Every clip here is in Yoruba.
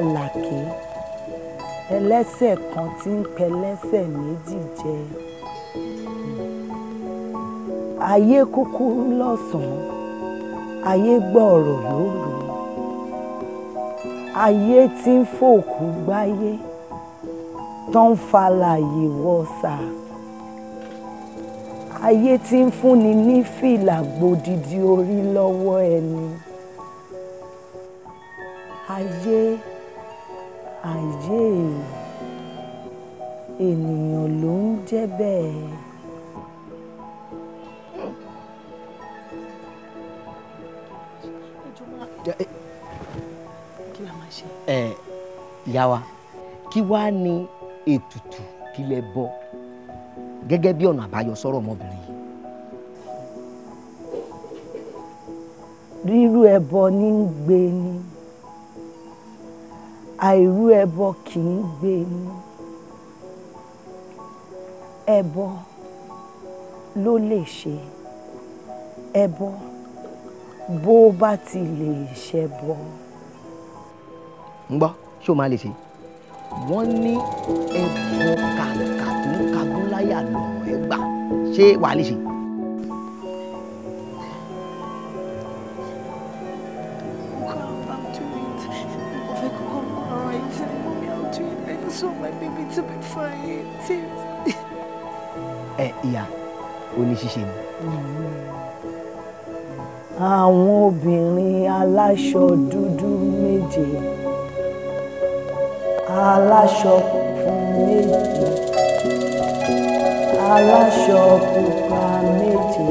àlàké ẹlẹ́sẹ̀ kan tí ń pẹlẹ́sẹ̀ méjì jẹ ayé kúkúrú lọ́sàn-án ayé gbọ́ọ̀rọ̀ lóru ayé tí ń fòkú gbáyé tó ń falàyè wọ̀sà ayé tí ń fúnni ní fìlà gbòdìdì orí lọ́wọ́ ẹni ayé àìjẹ́ ènìyàn ló ń jẹ́ bẹ́ẹ̀. kí la máa ṣe. ẹ ìyá wa kí wàá ní ètùtù kí lẹ bọ gẹ́gẹ́ bí ọ̀nà àbáyọ sọ̀rọ̀ ọmọbìnrin yìí. rírú ẹbọ ní gbé ni. Gbeni àìrú ẹbọ kì í gbé ni ẹbọ ló lè ṣe ẹbọ bó bá ti lè ṣẹbọ. ń gbọ́ ṣé o máa lè ṣe wọ́n ní ẹbọ kàkà tó ẹ gbà ṣé wàá lè ṣe. saw my baby to be fine. Tears. Ẹ ìyá oníṣíṣe ni. Mm. Àwọn obìnrin aláṣọ dúdú méje. Aláṣọ funfun méje. Aláṣọ pupa méje.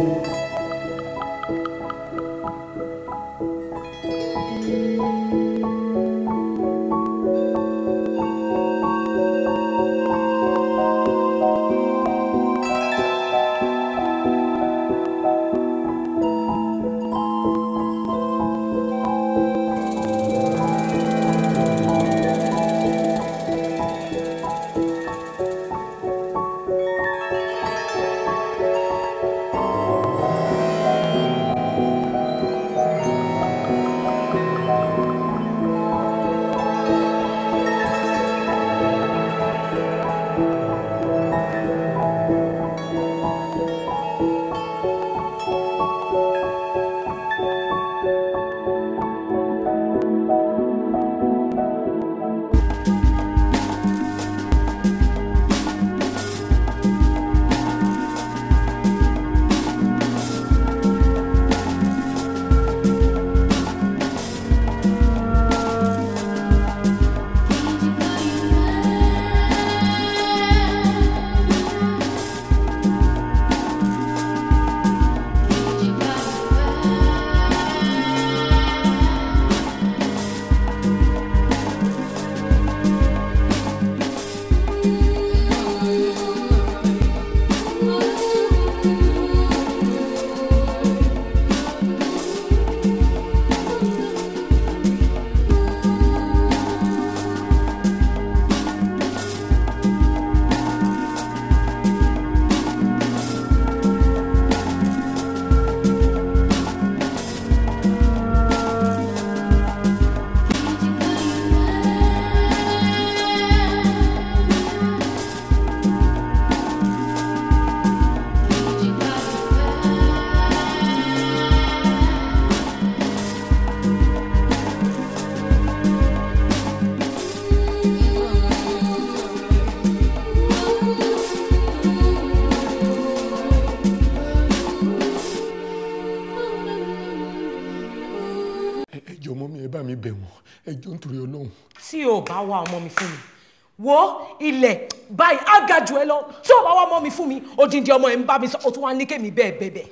ilẹ̀ báyìí á ga jù ẹ lọ tí ò bá wá mọ́ mi fún mi odindi ọmọ ẹ̀ ń bá mi sọ ó tún wá ní kémi bẹ́ẹ̀ bẹ́ẹ̀ bẹ́ẹ̀.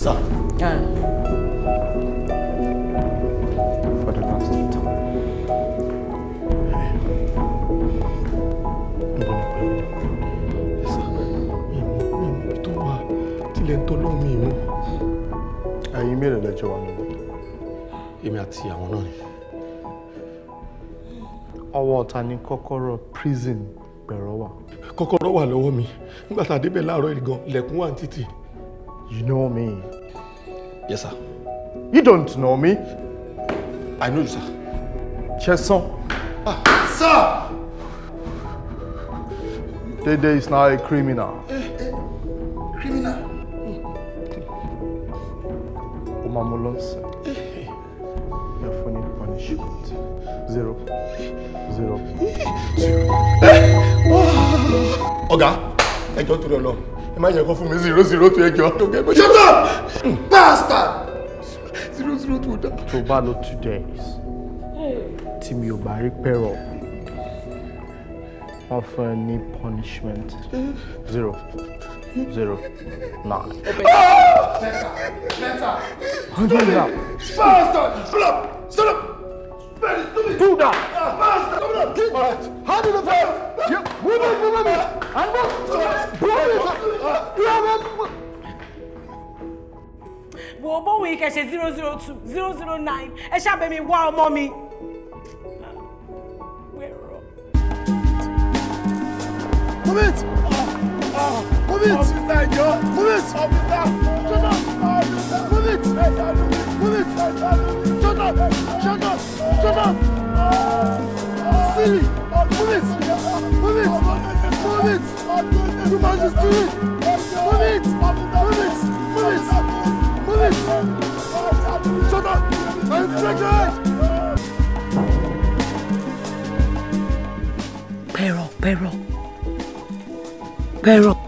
Ah. èmi àti àwọn náà ni. ọwọ́ ta ni kọ́kọ́rọ́ prison pẹ̀rọ wà. kọ́kọ́rọ́ wà lọ́wọ́ mi nígbà tá a débẹ̀ láàárọ̀ yìí gan lẹ̀kùn wà títì. you know me. yes sir. you don't know me. i know you sir. chesan. ah sir. Dede is now a criminal. Eh, eh, criminal. ma mo lọ zero zero zero. ọ̀gá ẹjọ́ torí ọlọ ẹ má jẹ́ kó fún mi zero zero to ẹjọ́ tó kẹ́ kó ṣe bastard zero zero tó dá. tó bá two days tí mi ò bá Offer any wọ́n fún ẹ ní punishment zero zero nine. mẹ́ta mẹ́ta. bastard flop stop do that. Master, come on, keep hand in the face. Yeah, move it, move it, and move. Blow it. Yeah, man. Wo bóun yìí kẹ̀ ṣe zero zero two zero zero nine ẹ ṣàbẹ̀ mi wá ọmọ mi. Move it! Move it! Officer, yo! Move it! Officer! Shut up! Move it! Move it! Shut up! Shut up! Shut up! just do it! Shut up! I'm Payroll, payroll. Payroll.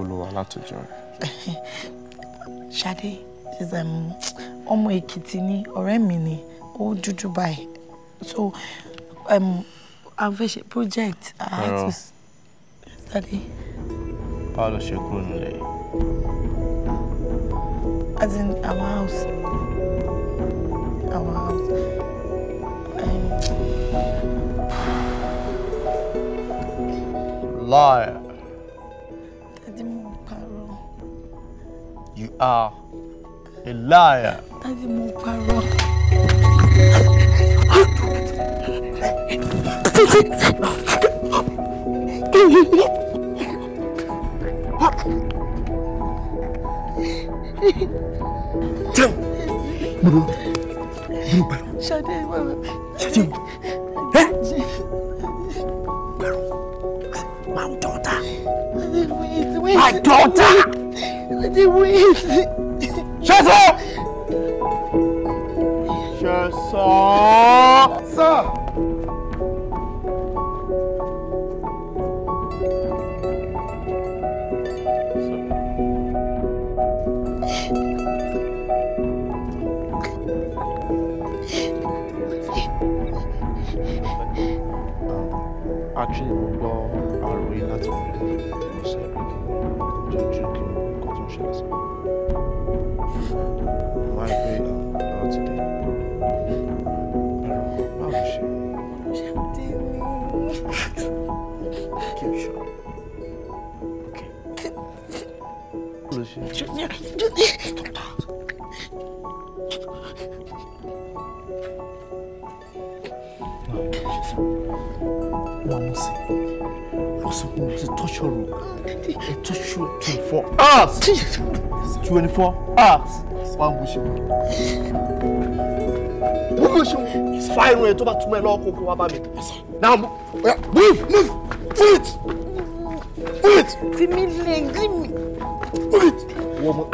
bolówó alátòjọ rẹ. Ṣadé um, ọmọ Èkìtì ni ọ̀rẹ́ mi ni ó so um, a fẹ́ project I Ṣadé. to study. ṣe kúrò nílẹ̀ as in our house our house. Um, Liar. are a liar. Daddy, mo parọ́. Tiens, Moulou, Moulou, parle. Chadé, maman. Chadé, hein? Parle. My daughter. My daughter. The Shut up! Shut up! It took you 24 hours. 24 hours. One bush. It's fine when you talk about two men long cocoa about me. Now move, move, Move. do it. Do it. Fimile, give me. Do it. Woman,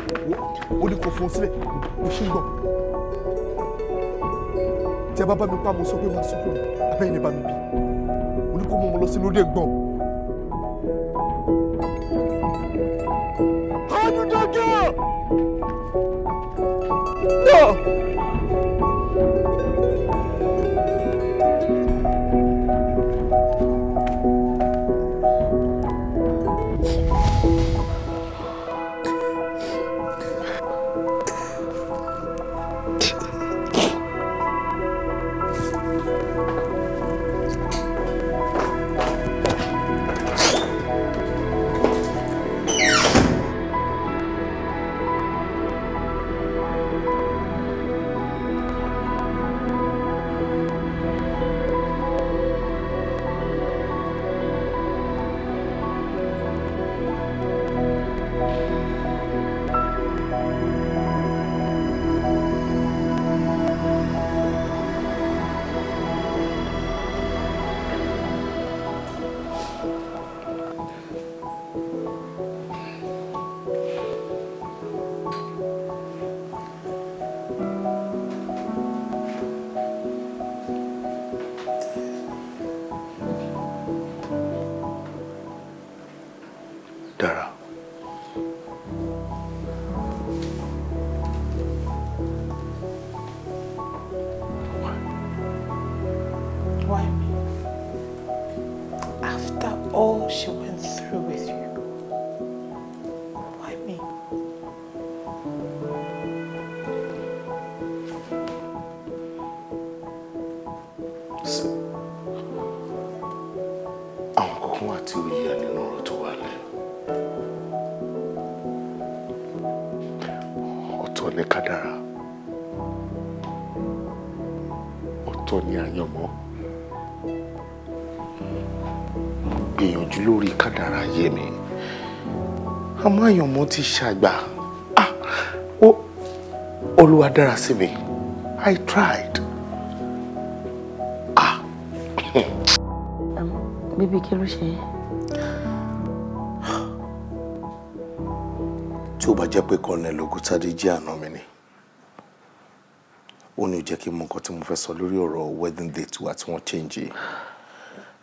what do you call for? Tí a bá bá mi pa mo sọ pé màá sọ pé abẹ́yìn ni bá mi bí. Olúkọ́ mo lọ sí lórí ẹ̀gbọ́n. amáyànmọ́ ti ṣàgbà ah ó olúwa dára sí mi i tried ah. bíbí kí ló ṣe é. tí ó bá jẹ́ pé kọ́nẹ́lì ògùntàdé jẹ́ àná mi ni ó ní ó jẹ́ kí n mọ nǹkan tí mo fẹ́ sọ lórí ọ̀rọ̀ wedding date wa tí wọ́n change yìí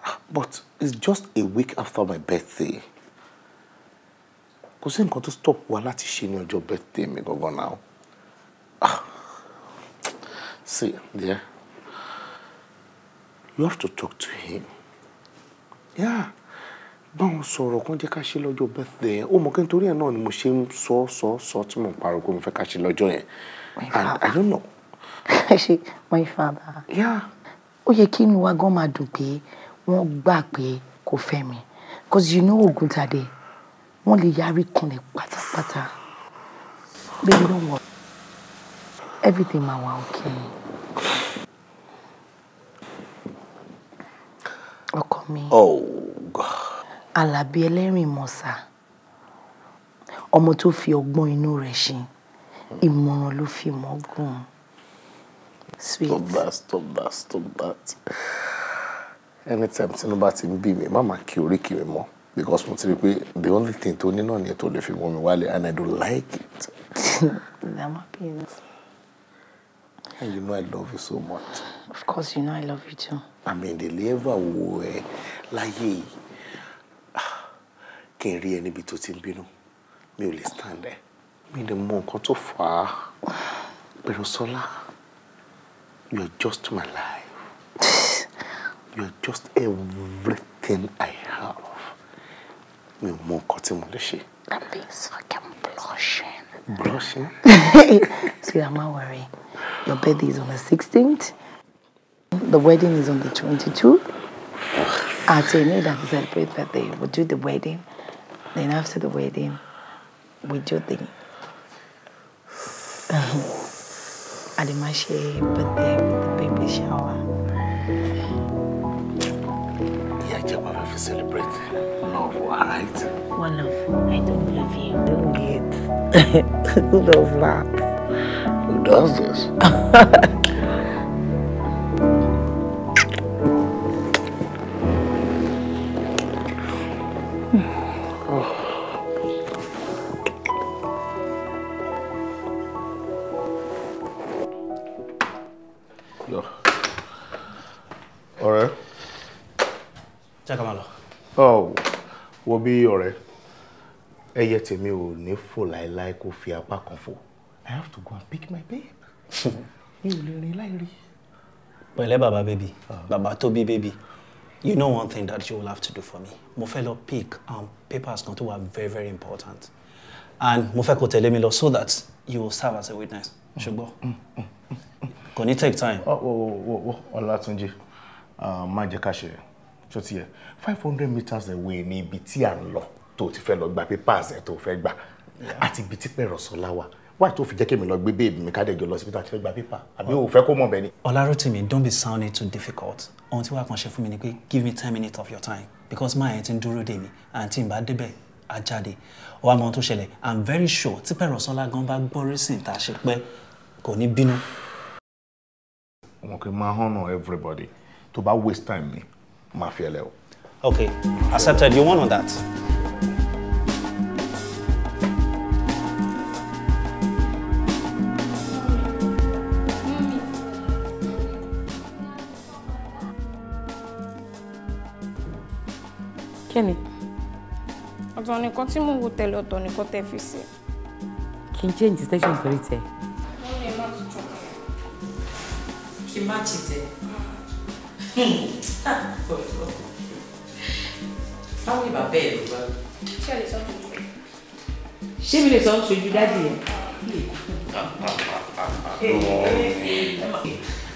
ah, but it's just a week after my birthday kò sí nǹkan tó stop wa láti ṣe ní ọjọ́ birthday mi gangan náà ah see there you have to talk to him yeah báwọn sọ̀rọ̀ kan jẹ́ ká ṣe lọ́jọ́ birthday yẹn ó mọ̀ kí n torí ẹ̀ náà ni mo ṣe ń sọ sọ sọ tí mo pariwo pé mo fẹ́ ká ṣe lọ́jọ́ yẹn and I don't know. ṣe my father. yeah. ó yẹ kí inú wa gan máa dùn pé wọ́n gbà pé kò fẹ́ mi cause you know ogun tade wọ́n lè yarí kanlẹ̀ pátápátá baby don't worry everything ma wà okay. ọkọ mi alábí oh, ẹlẹ́rìn mọ̀sá ọmọ tó fi ọgbọ́n inú rẹ̀ ṣe ìmọ̀ràn ló fi mọ́gùn. stop that stop that stop that anytime tinubu ti ń bí mi má máa kí oríkì mi mọ́ because mo ti rí i the only thing tó ní náà ni ètò lè fi mú mi wálé and I don't like it. I'm happy enough. And you know I love you so much. Of course, you know I love you too. I mean, the level wo ẹ láyé yìí ah, kí n rí ẹ níbi tó ti ń bínú mi ò lè stand ẹ mi ò lè mọ nǹkan tó fà á pẹ̀lú Sọlá you are just my life you are just everything I have mi ò mọ nǹkan tí mo lè ṣe. that means fucking blushing. blushing. so you are not worried your birthday is on the sixteenth the wedding is on the twenty-two at a need to celebrate birthday we do the wedding then after the wedding we do the. Adimashe birthday with baby shower. Yeah, Jabba, we celebrate. Wonderful, alright? Wonderful. I do not love you. Don't get. Who does that? Who does this? bí ọ̀rẹ́ ẹyẹ tèmi ò ní fò láéláé kó fi apá kan fò I have to go and pick my babe mi ò lè rìn láì rí. pẹ̀lẹ́ bàbá bébì bàbá tó bí bébì you know one thing that you will have to do for me mo fẹ́ lọ pick um, papers kan tó wà very very important and mo fẹ́ kó tẹ̀lé mi lọ so that you will serve as a witness ṣùgbọ́n kò ní take time. ọ̀wọ̀ ọ̀wọ̀ ọ̀làtúnjì má jẹ́ ká ṣe ṣó ti yẹ five hundred meters away ni ibi tí à ń lọ tó ti fẹ́ lọ gba papers ẹ̀ tó fẹ́ gbà àti ibi tí pẹ̀rọ̀ sọlá wa wá tó fi jẹ́ kí mi lọ gbé bèbí mi káde lọ síbi tá a fẹ́ gba pépà àbí o fẹ́ kó mọ̀ bẹ́ẹ̀ ni. Ọláròtìmí don't be sounding too difficult ohun tí wàá kàn ṣe fún mi ni pé give me ten minutes of your time because máa yẹn ti ń dúró dè mí àǹtí ìbá débẹ̀ á jáde ó mọ ohun tó ṣẹlẹ̀ i'm very sure tí pẹ̀rọ sọ́lá gan bá gbọ́ rísìn tá a ṣe pé kò ní bínú. ọmọ kì í máa honour everybody tó bá waste time mi máa fi ẹ Okay, accepted. You won on that. Kíni? Ọ̀tọ̀ nìkan tí mò ń wo tẹ̀lé ọ̀tọ̀ nìkan tẹ̀ fi sí. Kì í change station torí tẹ̀. Eh? Wọ́n lè má tutù. Kì í má chìtẹ̀. Eh? Mm. Ah, táwọn ìbá bẹ́ẹ̀ ló bá. ṣé mi lè sọ ń sojú dájú yẹn.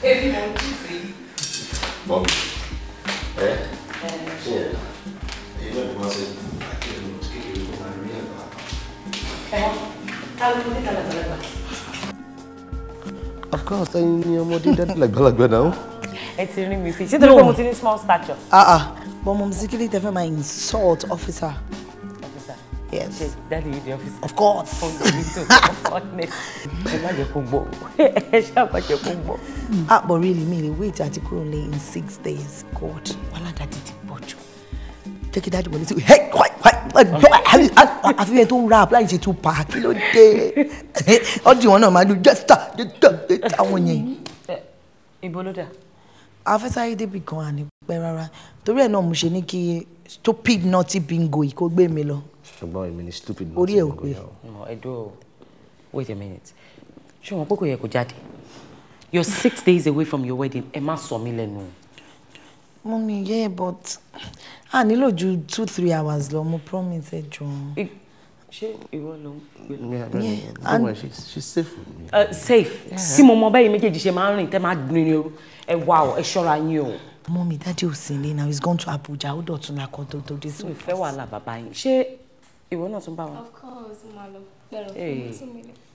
èmi mò ń jí sí. bọ́ọ̀lù ẹ Of course, I'm your ọmọdé like làgbàlagbà náà. Ẹ ti rí mi sí, ṣé torí pé mo small stature? Ah ah, but mom zikiri tẹ fẹ́ insult officer. officer yes ṣe dáàdi yìí di officer. of course. ẹ má jẹ kó gbọ́ ẹ ṣáà jẹ kó gbọ́. ah but really mi lè wait àti kúrò lé in six days god wàhálà dàdí ti pọ̀ jù jẹ́ kí dáàdi wọlé sí i àfi yẹn tó ń ra apply ṣe tún pa kí ló dé ọdún wọn náà máa ń lo jẹ́sítà Stop. yẹn. ibo ló dà afẹ́sáyé débi kan àní pẹ́ rárá torí ẹ̀ náà mo ṣe ní kí stupid naughty bingo yìí kó gbé mi lọ. ṣùgbọ́n èmi ni stupid naughty bingo yà ó. orí ẹ̀ ò pé. ẹ dúró wait a minute ṣé wọn pé kò yẹ kó jáde you're six days away from your wedding ẹ má sọ mí lẹ́nu. mummy yeah but a nílò ju two three hours lọ mo promise ẹ jọ̀ọ́ ṣé ìwọ ló ń pè lọ. she's safe with me. Uh, safe sí mo mọ bẹ́ẹ̀ méjèèjì ṣe máa ń rìn tẹ́ máa gbin ní ooru ẹ wá ọ ẹ ṣọ́ra yín o. mọ mi dájú ò sí now he's gone to Abuja ó dọ̀tún la kan tó tó dé sí. mi fẹ́ wàhálà bàbá yín ṣé ìwọ náà tún bá wọn. of course mo lọ pẹ̀rọ fún two minutes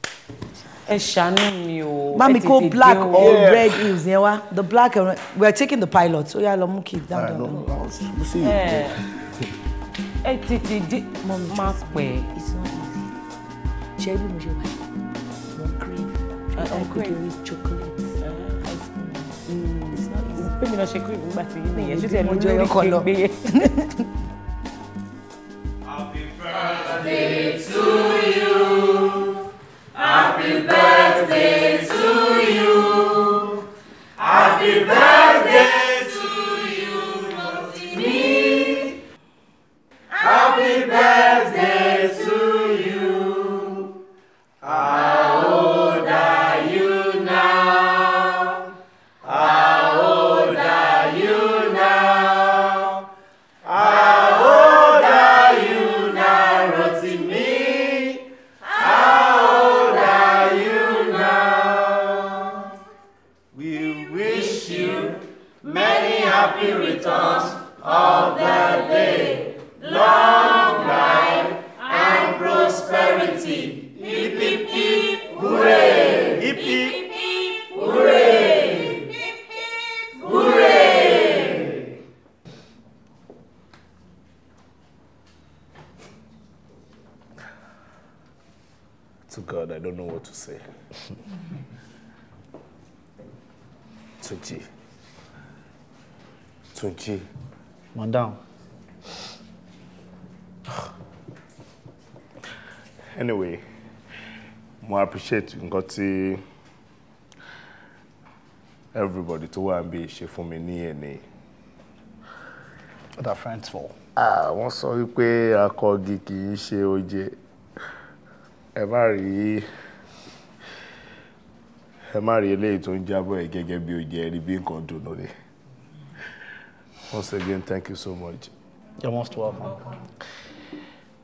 ẹ ṣàánú mi o. bá mi black or yeah. red heels yẹn wá the black and red we are taking the pilot ó yá lọ mú kí down down. ẹ tètè dé mọ mi má pẹ́. ṣe é bí mo ṣe wà mo crave I could do with chocolate ah. ice cream. Mm, pé mi náà ṣe crave nígbà tí yín nìyẹn ṣé tẹ̀ ló Happy birthday to you. Happy birthday to you. Happy birthday. appreciate nǹkan tí everybody tó wà níbí ṣe fún mi ní ẹ̀ní. what are friends for. wọ́n sọ wípé akọgi kì í ṣe oje ẹ má rí ẹ má rí eléyìí tó ń jábọ̀ ẹ̀ gẹ́gẹ́ bí oje ẹ rí bí nǹkan dùnú ni. once again thank you so much. you're most welcome.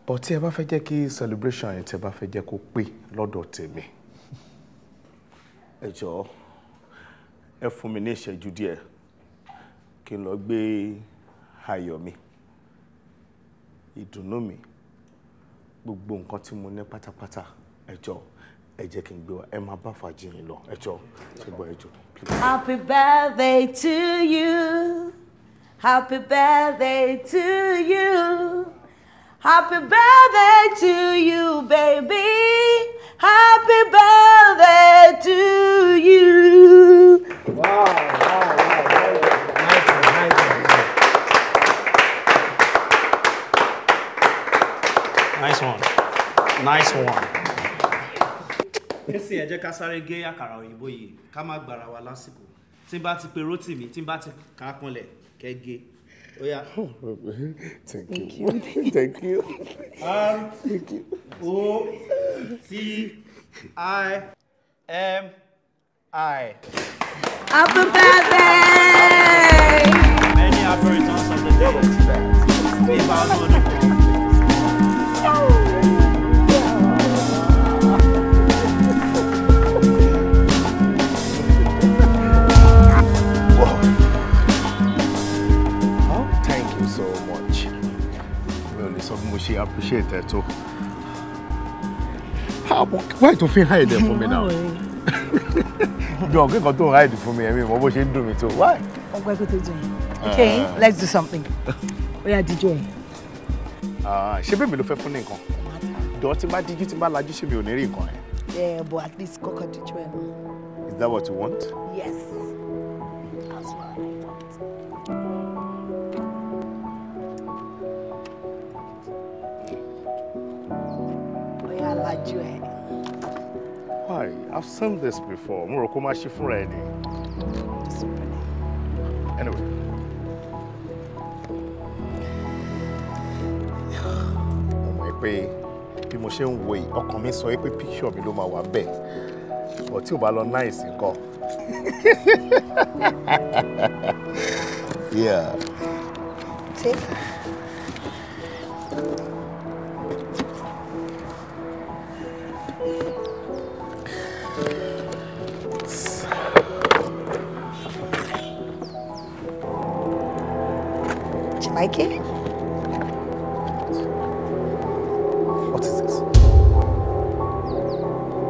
but tí ẹ bá fẹ́ jẹ́ kí celebration yẹn tí ẹ bá fẹ́ jẹ́ kó pé lọ́dọ̀ tèmi. ẹ jọ̀ọ́ ẹ fún mi ní mi ìdùnnú mi gbogbo nǹkan tí mo ní pátápátá ẹ ẹ kí n gbé wa ẹ máa bá fàájì lọ ẹjọ ẹjọ happy Happy birthday to you, baby. Happy birthday to you. Wow, wow, wow. Nice one, nice one. Nice one. Nice one. Nísìnyí ẹ jẹ́ ká sáré gé àkàrà òyìnbó yìí ká má gbàrà wa lásìkò. Tí bá ti pe Rótìmí, tí bá ti kà á kanlẹ̀, kẹ́ gé. Oh, yeah. Thank, Thank you. you. Thank you. Um, Thank you. O T I M I. Happy birthday! Many of the Stay the she appreciate her too. How, why to feel hide for me now? Jọ̀ọ́ kí nǹkan hide for me. I mean, what ṣe she dùn me tó. Why? Ọgbẹ́ kò tó jẹ. Ah. Okay, let's do something. We are díjọ́ ẹ̀. Ah, ṣé bẹ́ẹ̀ mi ló fẹ́ fún ní nǹkan? Jọ̀ọ́ tí bá díjú tí bá lajú ṣé mi ò ní rí nǹkan ẹ̀. Yeah, but at least kọ́kọ́ díjọ́ ẹ̀ Is that what you want? Yes. níwájú ẹ. why I've seen this before mo rò kó má ṣe fúnra ẹ ni. anyway. mo mọ̀ pé bí mo ṣe ń wo yìí ọkàn mi sọ pé picture mi ló máa wà bẹ́ẹ̀ ọ̀ tí ò bá lọ náìsì nǹkan. yeah. take. like it? What is this?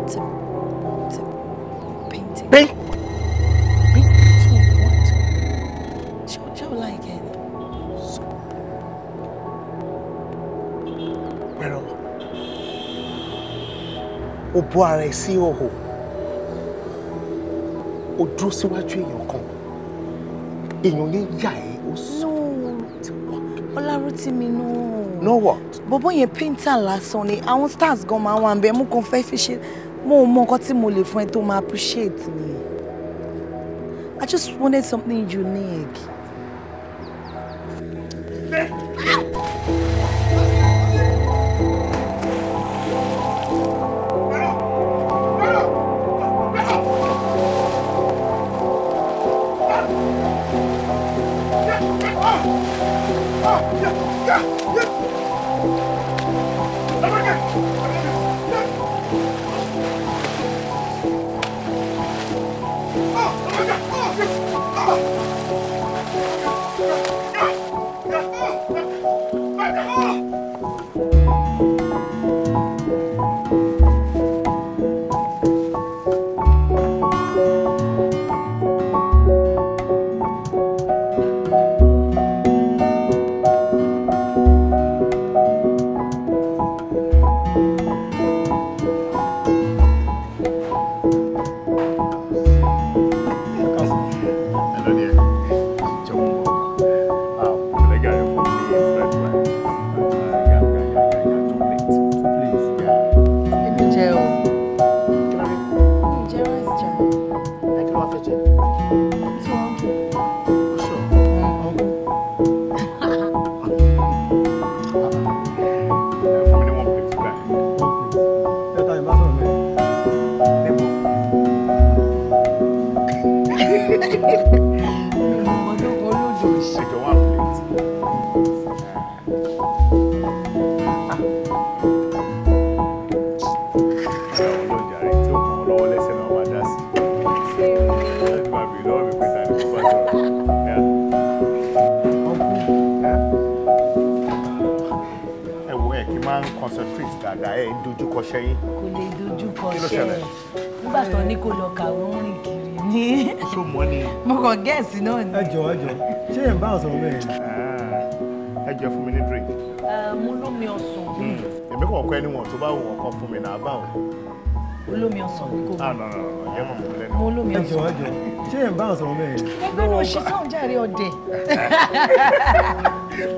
It's a, it's a painting. Paint? ó bọ́ ara ẹ sí òhò ó dúró síwájú èèyàn kan èèyàn ní yà ẹ́ rántí mi náà. no what. But when you lásán ni àwọn stars gan máa wà nbẹ mú kan fẹ́ fi ṣe mo more mọ nǹkan tí mo lè fún ẹ appreciate me. I just wanted something unique.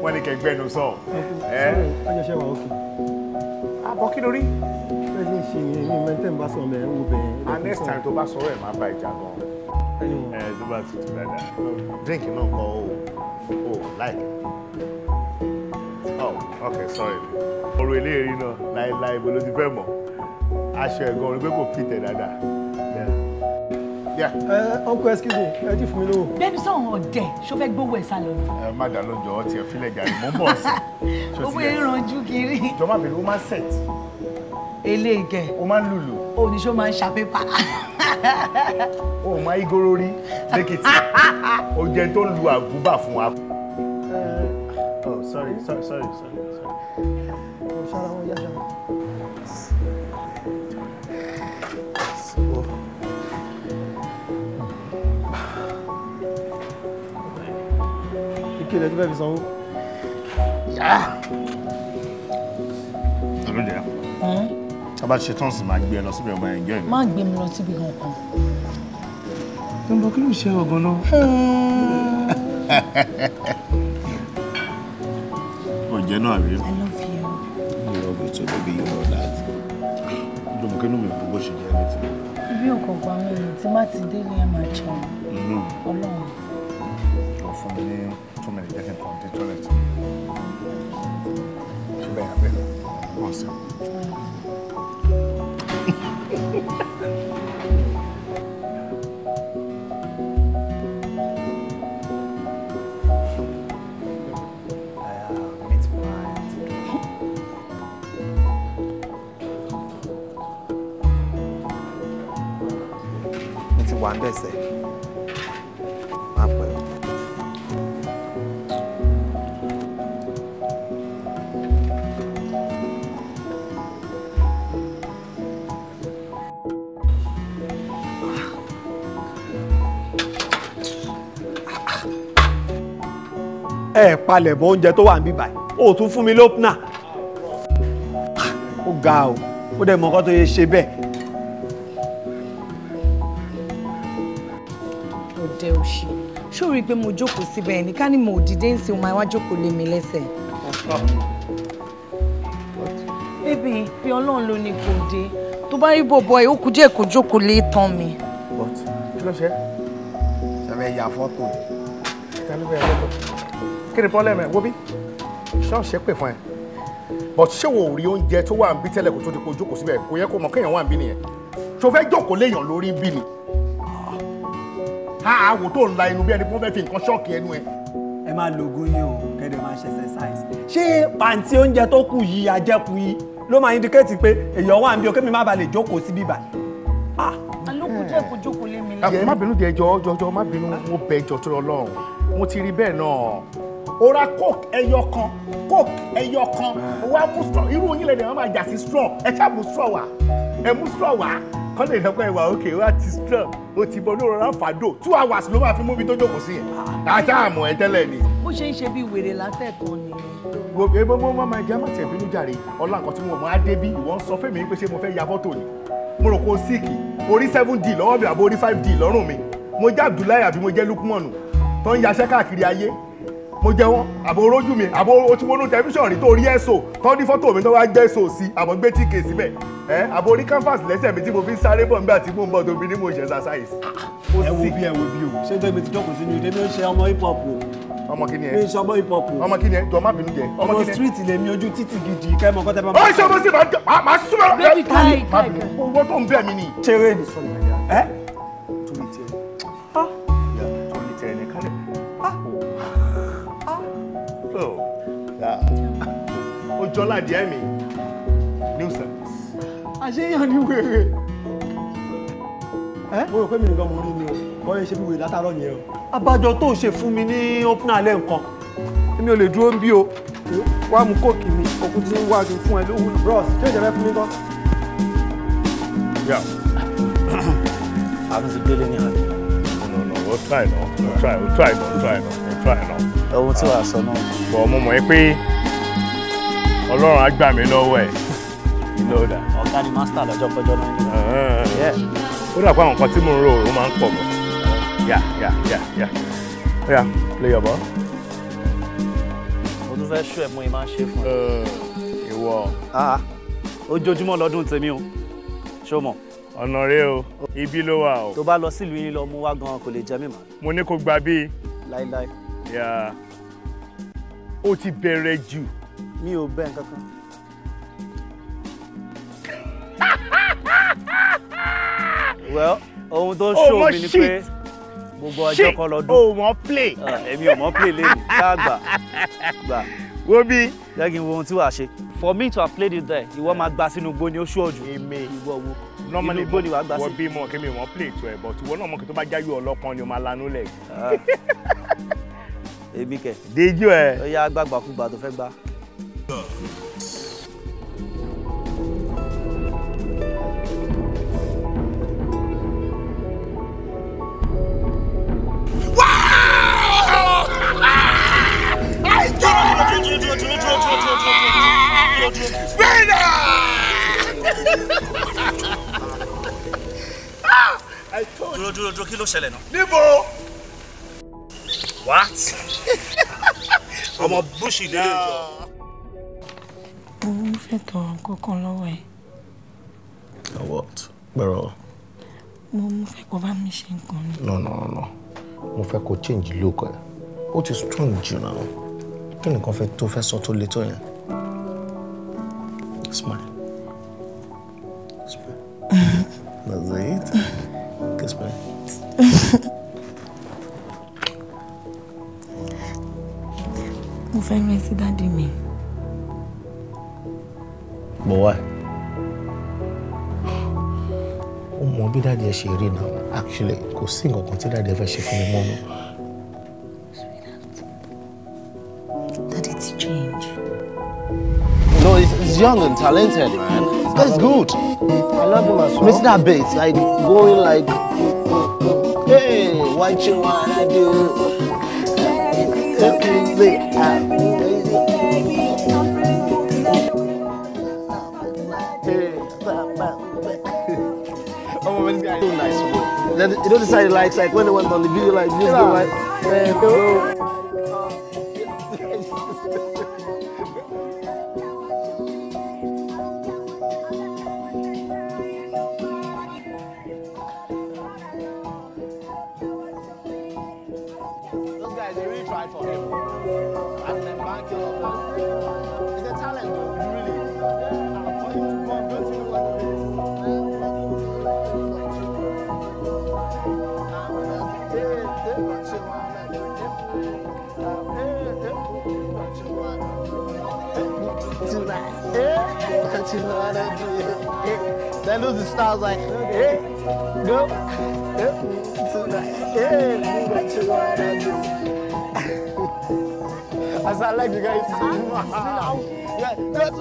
wọ́n ní kẹgbẹ́ ẹnu sọ. ọjọ́ṣẹ́ wa òkè. àbọ̀ kí lórí. bẹ́ẹ̀ ni ṣe ni èmi mẹ́tẹ́ ń bá sọ̀rọ̀ mẹ́rin wò bẹ́ẹ̀. and ah, next time tó bá sọ̀rọ̀ ẹ̀ máa bá ìjà gan. ẹ tó bá tutù dáadáa. drink náà kọ o o like. oh okay sorry. ọ̀rọ̀ eléyìí náà láéláé ibo ló ti fẹ́ mọ̀ aṣọ ẹ̀gàn orí pé kò fi tẹ̀ dáadáa. Yeah. uncle excuse me ẹ ti fún mi lówó. bẹ́ẹ̀ni sọ̀rọ̀ ọ̀dẹ̀ ṣó fẹ́ gbowó ẹ̀ sálọ. ẹ má dà lọ́jọ́ ọtí ẹ fílẹ̀ gàrí mọ́ bọ̀ sí. owó ìrànjú kiri. ìjọba bèrè ó máa ń set. eléyìí kẹ. ó máa ń lùlù. oníṣó máa ń ṣàpépà. o ò máa igoro rí lẹ́kìtì o jẹ tó lu àgùbà fún wa. Oh, sorry sorry sorry sorry. mo ṣára Ok, tó fẹ́ fi sanwó. ọ̀rọ̀ dẹ̀ tá a bá ṣe tán sí não gbé ẹ lọ síbẹ̀ ọmọ ẹ̀ ń jẹ́ ìlú. má gbé mi lọ síbi kankan. Gbogbo kí ló ṣe ọ̀gán náà? Ọ̀jẹ́ náà rí. I love you. I love you too, baby, you know that. Gbogbo kí ló mi gbogbo ṣe jẹ́ ẹni tí mo. Ibi òkò gba mi rè tí má ti délé ẹ̀ máa jẹun. dejen contento al hecho. Vea, vea. Vamos one day, say. ẹ palẹ̀ mọ́ oúnjẹ tó wà ń bí báyìí o tún fún mi lópinà ó ga o ó dẹ̀ mọ nǹkan tó yẹ ṣe bẹ́ẹ̀. òde òṣì ṣó rí i pé mo jókòó síbẹ̀ ẹ̀ ní ká ní mo dìde ń sin ọmọ ẹ wá jókòó lé mi lẹ́sẹ̀. bébì pé ọlọ́run ló ní kò dé tó bá rí bọ̀bọ̀ ẹ̀ ó kú díẹ̀ kó jókòó lé tán mi. kí ló ṣe é ṣe fẹ́ ya fọ́tò ìtàlùbẹ̀ kí ni problem ẹ wo bí ṣọ́ọ̀ṣì pè fún ẹ but ṣé wo rí oúnjẹ tó wà ń bí tẹ́lẹ̀ kó tó di kó jókòó síbẹ̀ kò yẹ kó mọ̀ kéèyàn wà ń bí nìyẹn tó fẹ́ jókòó léèyàn lórí bí ni a wò tó ń la inú bí ẹni pé wọ́n fẹ́ fi nǹkan ṣọ́ọ̀kì ẹnu ẹ. ẹ máa lo ogun yín o kẹ́dẹ̀ máa ṣe exercise ṣé pàǹtí oúnjẹ tó kù yìí àjẹkù yìí ló máa indicate pé èèyàn wà ń bí o kémi má ba lè jókòó síbí bá alókùn jẹ́ kó jókòó lé mi lẹ́yìn. má bínú di ẹjọ́ ọjọ́ ọjọ́ má bínú mo bẹ ẹjọ́ tó lọ́rùn mo ti rí bẹ́ẹ̀ náà o ra coke ẹyọ kan coke ẹyọ kan o ah. wá mú straw irú yín lẹ́dẹ̀ẹ́ wọ́n máa jà sí straw ẹ ṣáà mú straw wá ẹ mú straw wá kọ́ lè sọ pé ìwà òkè wá ti straw o ti bọ́ lóòrò ráfàdó two hours ló máa fi mú mi tó jókòó sí yẹn àti àmọ̀ ẹ tẹ́lẹ̀ ni. bó ṣe ń ṣe bí wèrè látẹ̀kọ́ ni. gbogbo ebo mo máa máa jẹ́ má tẹ̀ bínú jàre ọlá nǹkan tí mo mọ̀ á dé bí ìwọ ń sọ fẹ́mi pé ṣé mo fẹ́ ya fọ́tò ni mo rò kó síìkì orí seven d lọ́wọ́ mi àbí orí five d lọ́rùn mi mo jẹ́ Abdullahi àbí mo jẹ́ Lukman tó ń yaṣẹ́ káàkiri ayé mo jẹ́wọ́ àbò orójú mi àbò otiwọnú tẹlifíṣàn rí tó rí ẹ̀sọ́ tó ní fọ́tò mi tó wá jẹ́ ẹ̀sọ́ sí àbọ̀ gbé tíkè síbẹ̀ ẹ àbò orí canvas lẹ́sẹ̀ mi tí mo fi sáré bọ̀ nígbà tí mò ń bọ̀ tóbi ní mò ṣe exercise. ẹ wo bí ẹ wo bí o ṣé tó ibi tí jókòó sínú ilé mi ń ṣe ọmọ hip hop o ọmọ kí ẹ mi ń ṣe ọmọ hip hop o ọmọ kí ẹ jọ má bínú jẹ ọmọ street lè mi ojú títì gidi kẹ́ mọ bá máa. ó ṣe ọmọ sí màá súnmọ́. bébí jọlá díẹ̀ mi new service. àṣeyàn ni wèrè. mo rò pé mi nìkan mo rí ni o kọ́ ẹ ṣe bí wèrè látàárọ̀ yẹn o. abájọ tó ṣe fún mi ní open alẹ́ nǹkan èmi ò lè dúró ń bí o wàá mú kóòkì mi òkú tí ń wá fún ẹ lówùú. bros ṣé ìjọba fún mi kọ́. yeah àti délé ní àná. no no we'll try no we'll try we'll try no we'll try no we'll try no. ohun tí wàá sọ náà. bọ̀ ọmọ mọ̀ ẹ́ pé ọlọ́run á gbà mí lọ́wọ́ ẹ̀ iná ọ̀dà. ọ̀gá ni master lọ́jọ́ pẹ́jọ́ náà nígbà. ó dàgbà àwọn nǹkan tí mo ń ro òun máa ń pọ̀ mọ́ yà yà yà yà ó yà lè yọ̀bọ̀. mo tún fẹ́ ṣú ẹ̀ mú ìmá ṣe fún ẹ. ìwọ. Ah, ah. ojoojúmọ́ lọ́dún tèmi o ṣó mọ̀ ọ̀nà rẹ o ibi ló wà o. tó bá lọ sílùú yín lọ mú wá gan kò lè jẹ mí mọ́. mo ní kó gba bíi. láíláí. ó ti bẹ̀rẹ̀ jù mi ò bẹ nǹkan kan. well ohun tó ń ṣó oh, mi ni pé gbogbo ọjọ́ kan lọ́dún. Oh, o mọ̀ play. Ah, èmi ò mọ̀ play lẹ́yìn ká gbà gbà. wo bí. jẹ́ kí n wo ohun tí wàá ṣe. for me to have played it there ìwọ máa gba sínú gbóni ó ṣọ́ọ̀jù. èmi ìwọ wo normally inú gbóni wàá gba sí. wọ́n bí mọ̀ kí mi mọ̀ play to ẹ̀ but ìwọ náà mọ̀ kí tó bá jáyọ̀ ọlọ́pàá ni o máa lanú lẹ̀. Ah. èmi kẹ. dejú ẹ. ó yá gbàgbàkúgbà tó fẹ́ gbà. dúró dúró dúró dúró dúró dúró dúró. gbẹ́nà. dúró dúró dúró kí ló ṣẹlẹ̀ náà. níbo. what. ọmọ búṣì lè jọ. mo fẹ́ tọrọ kankan lọ́wọ́ ẹ̀. what gbẹ̀rọ. mo mo fẹ́ kó bá mi ṣe nǹkan ni. no no no mo fẹ́ kó change look ẹ o ti strong jù náà kí nìkan fẹ́ tó fẹ́ sọ tó le tó yẹn smile smile that's it kiss me. mo fẹ́ rán ẹ sí dáàdi mi. bọ̀ wá ó mọ bí dáàdi ẹ ṣe rí náà actually kò sí nǹkan kan tí dáàdi ẹ fẹ́ ṣe fún mi mọ́nú. young and talented, man. This guy's good. I love him as well. Mr. Bates, like, going like, hey, what you wanna do? Oh, man, this guy is nice. Bro. you know, the side he likes, like, when they went on the video, like, this go like, hey, guys. yeah, that's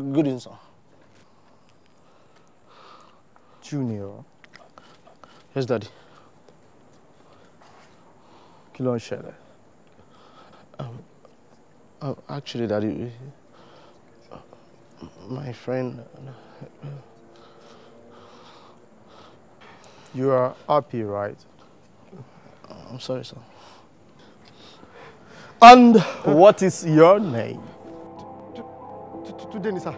good in sir. Junior. Yes, daddy. Kí ló Um. ṣẹlẹ̀? Um, actually, daddy, uh, my friend. Uh, you are happy, right? I'm sorry, sir. And what is your name? Today. ni sà.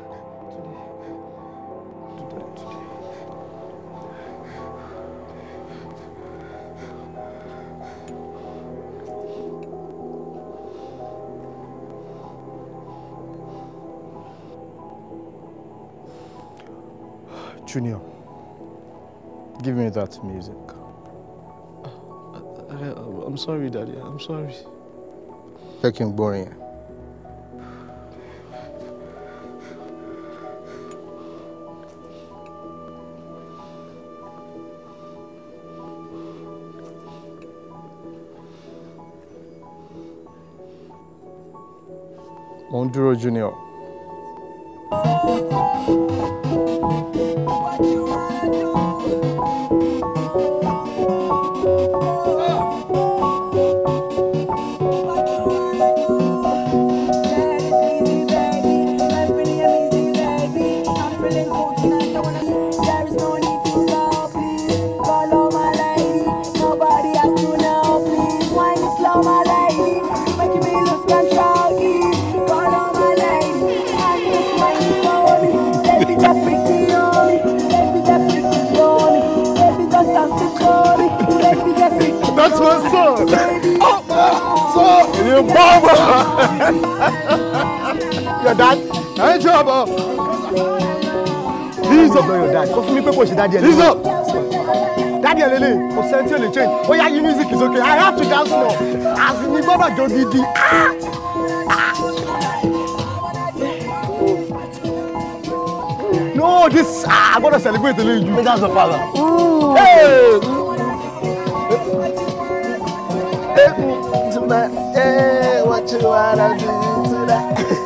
Junior, give me that music. Uh, I, I, I'm sorry, Daddy. I'm sorry. Taking boring. Duro Jr. Bobo! your dad? Ẹ jẹ́ Please Liz up. your dad. Come for me, people. dádì ẹ̀ lé. Liz up. daddy. ẹ̀ lélẹ̀, kò sẹ́ni tí ò change. Oh yeah, your music is okay. I have to dance now. As in the Baba gidi. No, this ah, I gotta celebrate the lady. That's the father. Ooh. hey. hey.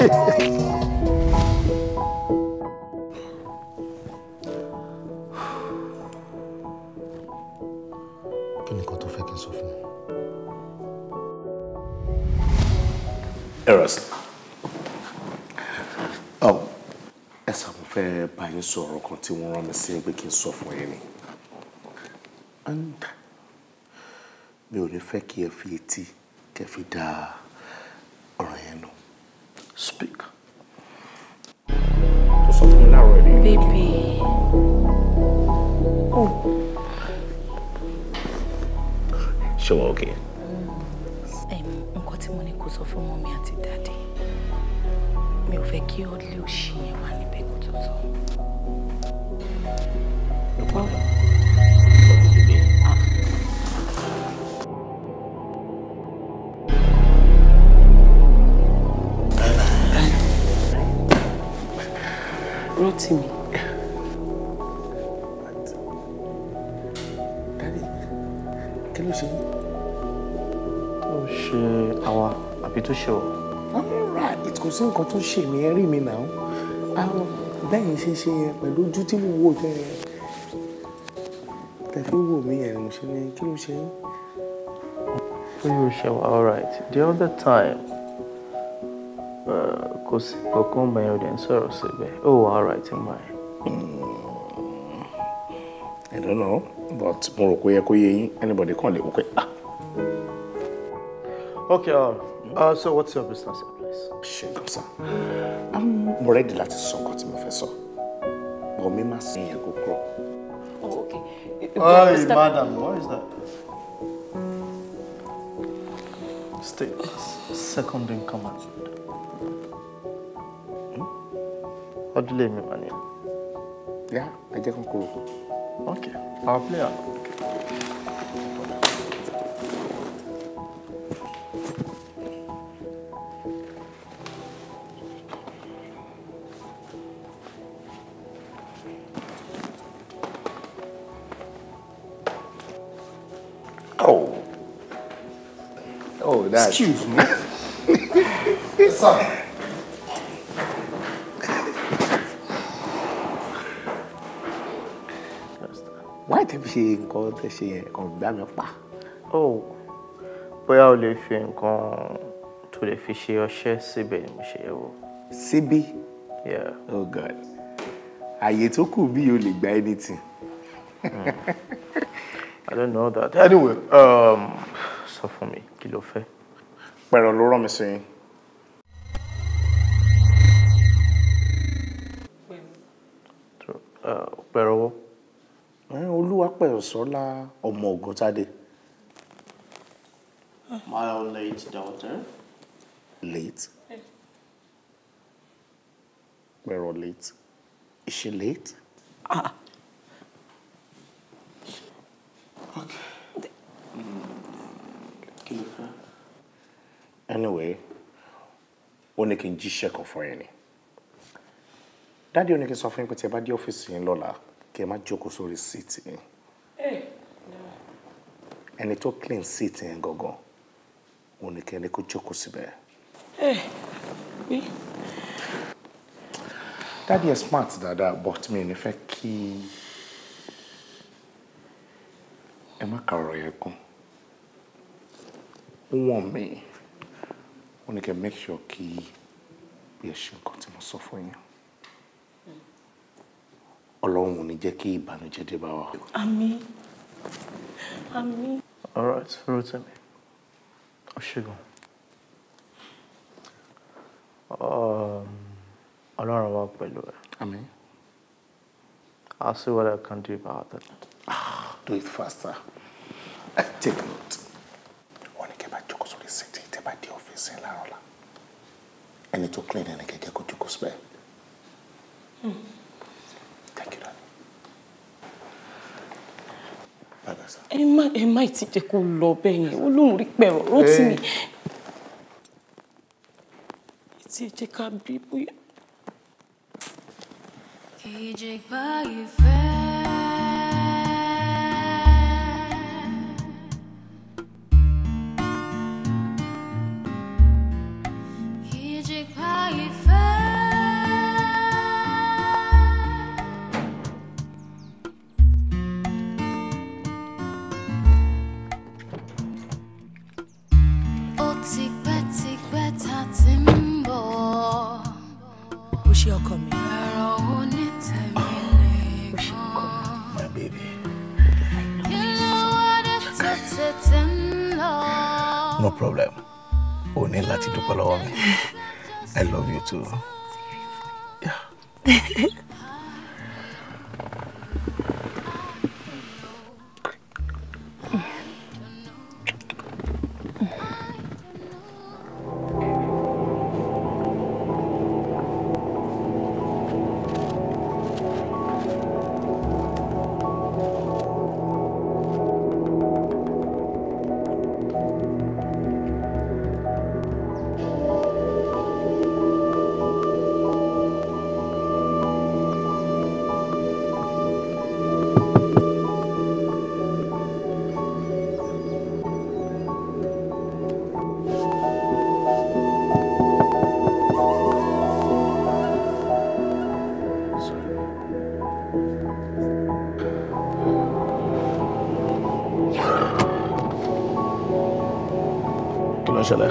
kí ni nǹkan tó fẹ́ kí n sọ fún un. Eros oh, ẹ sàmú fẹ́ bá yín sọ ọ̀rọ̀ kan tí wọ́n rán mi sí pé kí n sọ fún yín ni mi ò ní fẹ́ kí ẹ fi etí kẹ́ fi dá ọ̀rọ̀ speak. tó sọ fún mi láàárọ̀ èdè. bébè. ṣé wọn òkè. nǹkan tí mo ní kó sọ fún mọ́mí àti dáàdì a ò fẹ́ kí ọdún lè ṣì yẹn wà níbẹ̀ kó dúró tì mí. Dádì, kí ló ṣe yín? Ó ṣe I àbí tó ṣe ọ. Alright, It's sí nǹkan tó ṣe mí ẹ rí mi náà. Bẹ́ẹ̀ ṣe ṣe yẹn pẹ̀lú ojú tí mo wò jẹ́ yẹn. Tẹ̀fí wò mí ẹ̀ mo ṣe ní kí ló ṣe yín? The other time kò sí kankan bẹ̀rẹ̀ ọ̀dẹ̀ ń sọ̀rọ̀ síbẹ̀ ó wà all right ń báyìí. Hmm. I don't know but mo rò pé yẹ kó yé yín anybody kàn lè wò pé ah. okay uh, so what's your business here please. ṣègùn sá um, mo rẹ́dí láti sọ nǹkan tí mo fẹ́ sọ bọ̀ mi máa sin yẹn kó kúrò. oh okay. oh madam what is that. state second in command. ọdún lèmi mà money. Yeah, ẹ jẹ́ a cool. ok play player. Oh. oh, that's... Excuse me. Sir. tẹ́ fi ṣe nǹkan tẹ́ ṣe yẹn kàn gbá mi pa. ó bóyá o lè fi nǹkan tó lè fi ṣe ọṣẹ síbẹ̀ ni mo ṣe yẹ wò. síbí. yeah. oh god àyè tó kù bí o lè gba anything. Hmm. I don't know that. Anyway, um, sọ fún mi, kí ló fẹ́? Pẹ̀rọ ló rán mi sí uh, Pẹ̀rọ wọ́. Olúwapẹ̀sọ́lá ọmọ Ògúntádé. My late daughter. Late? We're all late. Is she late? Ah. Okay. Hmm. Anyway, ó ní kí n jíṣẹ́ kan fún ẹ ni. Dáàdi ó ní kí n sọ fún yín pé tí ẹ bá dé ọ́fíìsì yín lọ́la kẹ má jókòó sórí síìtì yẹn eh, ẹni tó clean síìtì yẹn gangan òun ni kẹ́ni kó jókòó síbẹ̀. Eh, dádì ẹ smart Dada, but mi ò ní fẹ́ kí ẹ má ka ọ̀rọ̀ yẹn kún ó wọ̀n mi ó ní kẹ́ make sure kí bí ẹ ṣe nǹkan tí mo sọ fún yín ọlọ́run ò ní jẹ́ kí ìbànújẹ́ dé bá wa. àmín àmín. all right Rotimi ọ̀ṣẹ́gun um, ọlọ́run wa pẹ̀lú ẹ. àmín. I'll see what I can do about that. Ah, do it faster. I take note. Wọ́n ní kẹ́ bá jókòó sórí sèǹtì tẹ́ bá dé ọ́fíìsì ńlá rọ̀la. Ẹni tó clean ẹni kẹ́kẹ́ kó jókòó síbẹ̀. Hmm. ẹ má ẹ ti jẹ́ kó lọ bẹ́ẹ̀ yẹn ó lóun rí pẹ̀rọ rótì eh. mi ìtì jẹ́ ká bí bóyá. ìjìgbá ìfẹ́. ṣẹlẹ̀.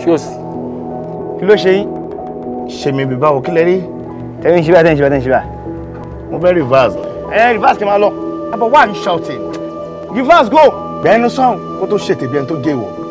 ṣé o sì. kí ló ṣe yín. ṣèmi bíbá o kí lẹ rí. ẹyin ṣíbà tẹ́yìn ṣíbà tẹ́yìn ṣíbà. mo fẹ́ reverse. ẹ reverse kì í máa lọ. abọ why are you shouting. reverse go. gbẹ́nu sàn kó tó ṣètè bí ẹni tó gé wọ̀.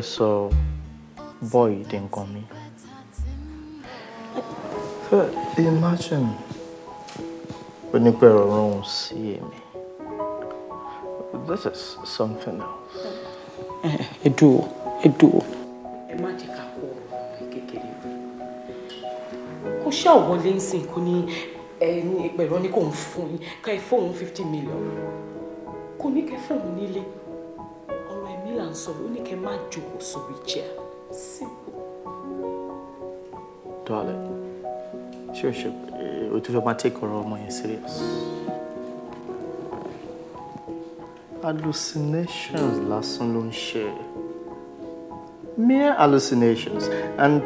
fẹ́ boy, bọ́ọ̀yì call me. mi. imagine when you go around sí me. this is something else. edu o edu o. ẹ má jẹ́ ká kó ọ̀rọ̀ kékeré kó ṣá ò wọlé ń sìn kó ní ẹni ìpẹ̀rọ ní kò ń fún yín ká ẹ fóun fifty million kò ní kẹ́ fóun nílé là ń sọ̀rọ̀ ó ní kẹ́ má jókòó sórí simple. Dọ́lẹ̀, ṣé o ṣe eh, o tún fẹ́ take ọ̀rọ̀ ọmọ serious? Hallucinations last ló share Mere hallucinations and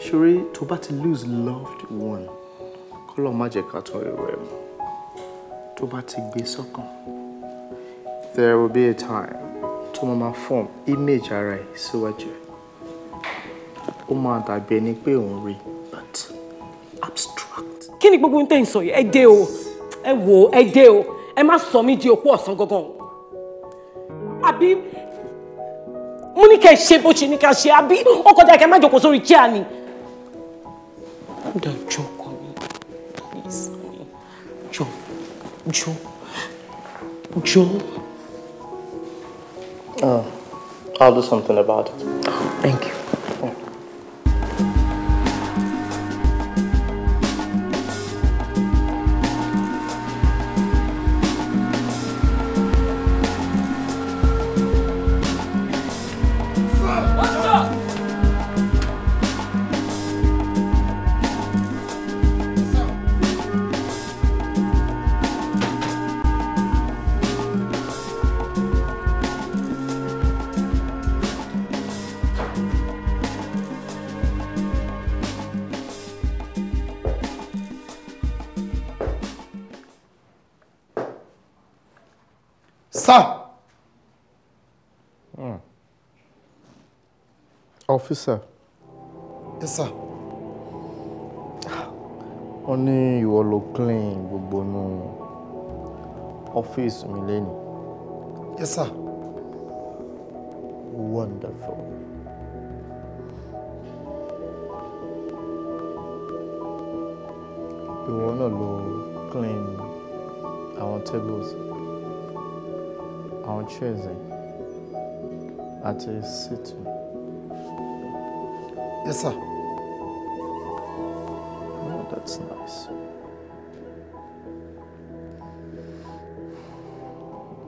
ṣorí to bá ti lose loved one kọ́lọ̀ má jẹ́ ká tún èrò ẹ̀ mọ́ tó bá ti gbé There will be a time tó máa máa form image ara ẹ̀ síwájú ẹ̀ ó máa dàbí ẹni pé òun rí but abstract. kí ni gbogbo ń tẹ̀ ń sọ yìí ẹ dé o ẹ wò ó ẹ dé o ẹ má sọ mí di òkú ọ̀sán gangan o àbí mo ní kẹ́ ẹ ṣe bó ṣe ní ká ṣe àbí ó kọjá kẹ́ má jókòó sórí chair ni. dájọ́ ọkọ mi please jọ jọ jọ. Oh, I'll do something about it. Thank you. ọ́físà. yes sir. wọ́n ní ìwọ ló clean gbogbo inú ọ́fíìsì mi lẹ́nu. yes sir. wonderful. ìwọ náà ló clean our tables our chairs at a sitting. Yes, sir. Oh, that's nice.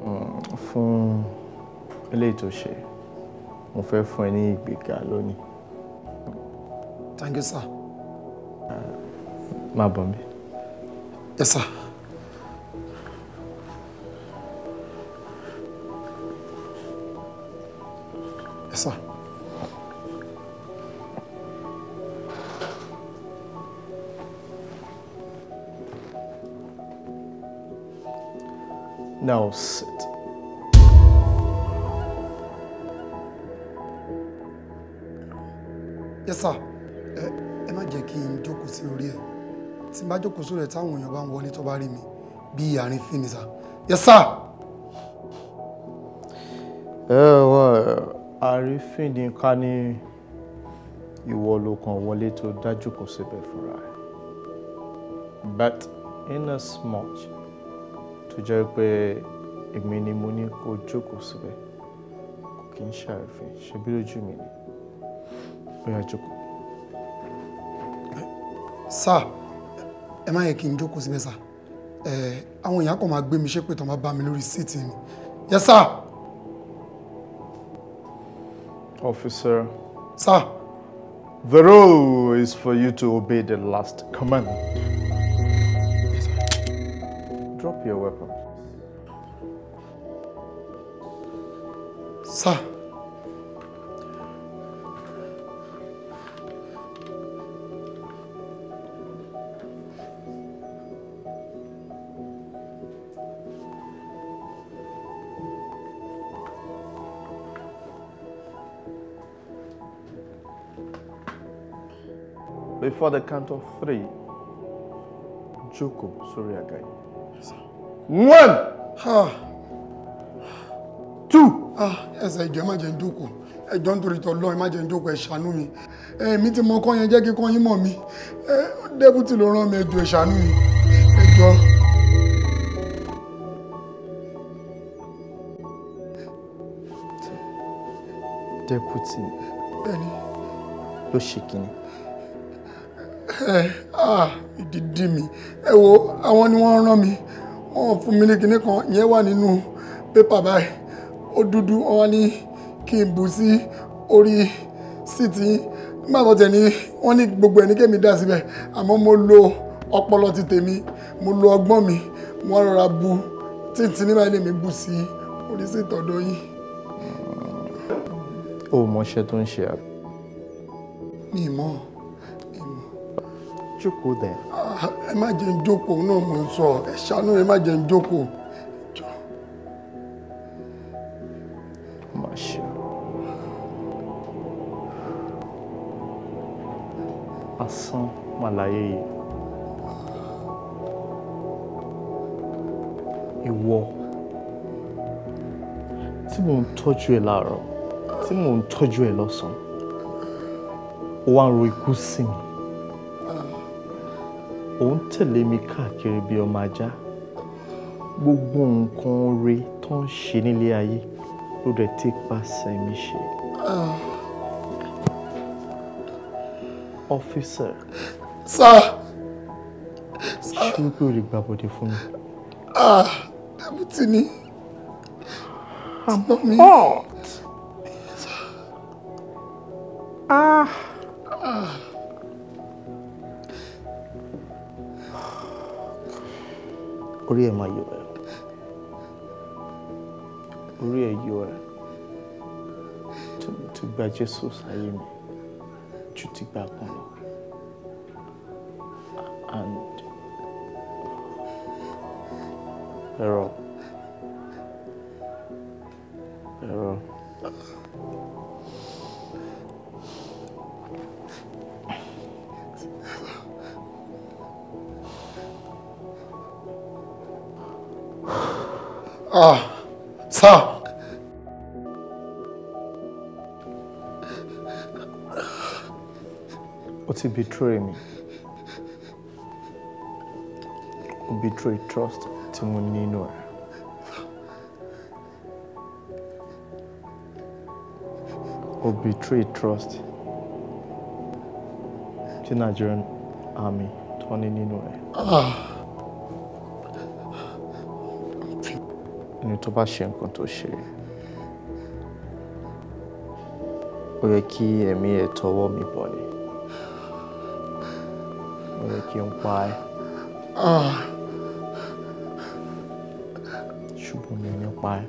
Hmm, fún eléyìí tó ṣe, mo fẹ́ fún ẹ ní ìgbéga Thank you, sir. Má bọ̀ mí. Yes, sir. Now sit. Yes, sir. Ẹ má jẹ́ kí see jókòó sí orí ẹ̀. Tí n bá jókòó sórí ẹ̀ táwọn èèyàn bá ń wọlé tó sir. Yes, sir. Well, wọ àrífín ni ká ní ìwọ ló kàn wọlé tó dájú kò for fúnra But in as much tó jẹ́ pé èmi ni mo ní kó jókòó síbẹ̀ kò kí n ṣàrìfín ṣebí lójú mi ni ó yá jókòó. sá ẹ má yẹ kí n jókòó síbẹ̀ sá àwọn èèyàn kan máa gbé mi ṣépè tán máa bá mi lórí síìtì mi yẹ sá. officer. sá. The rule is for you to obey the last command. You're welcome. Sir. Before the count of three, Joko Suryagai. one two. ẹsẹ̀ ìjọ ẹ má jẹ́ ń jókòó ẹjọ́ nítorí tọ́lọ́ ẹ má jẹ́ ń jókòó ẹ ṣàánú mi èmi tí mo kọ́ yẹn jẹ́ kí kọ́ yín mọ̀ mi dẹ́bùtì ló rán mi ẹjọ́ ẹ ṣàánú mi ẹjọ́. dẹ́bùtì bẹ́ẹ̀ni ló ṣe kínní. ẹ ẹ ah, ìdí dí mi ẹ wo àwọn ni wọ́n rán mi wọn fún mi ní kinní kan yẹn wà nínú pépà báyìí ó dúdú wọn ní kí n bù sí orí síìtì nígbà tó tẹ̀ ní wọ́n ní gbogbo ẹ̀ ní kémi dà síbẹ̀ àmọ́ mo lo ọpọlọ ti tèmi mo lo ọgbọ́n mi wọ́n rọra bu títí nígbà ilé mi bù sí orí sí ìtọ́dọ̀ yìí. o mọṣẹ́ tó ń ṣe àbí. mi mọ̀ jókòó dẹ̀. Ah, ẹ má jẹ́ ń jókòó náà mò ń sọ ẹ ṣàánú ẹ má jẹ́ ń jókòó. asán wà láyé yìí ìwọ tí mò ń tọ́jú ẹ láàárọ̀ tí mò ń tọ́jú ẹ lọ́sàn-án ó wá ń ro ikú sí mi ò ń tẹ̀lé mi káàkiri bí ọmọ ajá gbogbo nǹkan oore tó ń ṣe nílé ayé ló dẹ̀ ti pàṣẹ mi ṣe. ọ́fíìsà. sá. ṣé o pé o lè gba bọ̀dẹ̀ fún mi. Ah, dẹ́bùtì ni. I'm hot. Ah. orí ẹ̀ máa yọ ẹ́ orí ẹ̀ yọ ẹ́ tó gba Jésù sáyé mi ju ti gbà kan lọ. ti betray me. ó betray trust to mo ní betray trust to Nigerian army To ní nínú You ẹni tó shame, ṣe nǹkan tó ṣe ó yẹ kí mi bọ̀ que um pai. Ah. Chupou-me meu pai.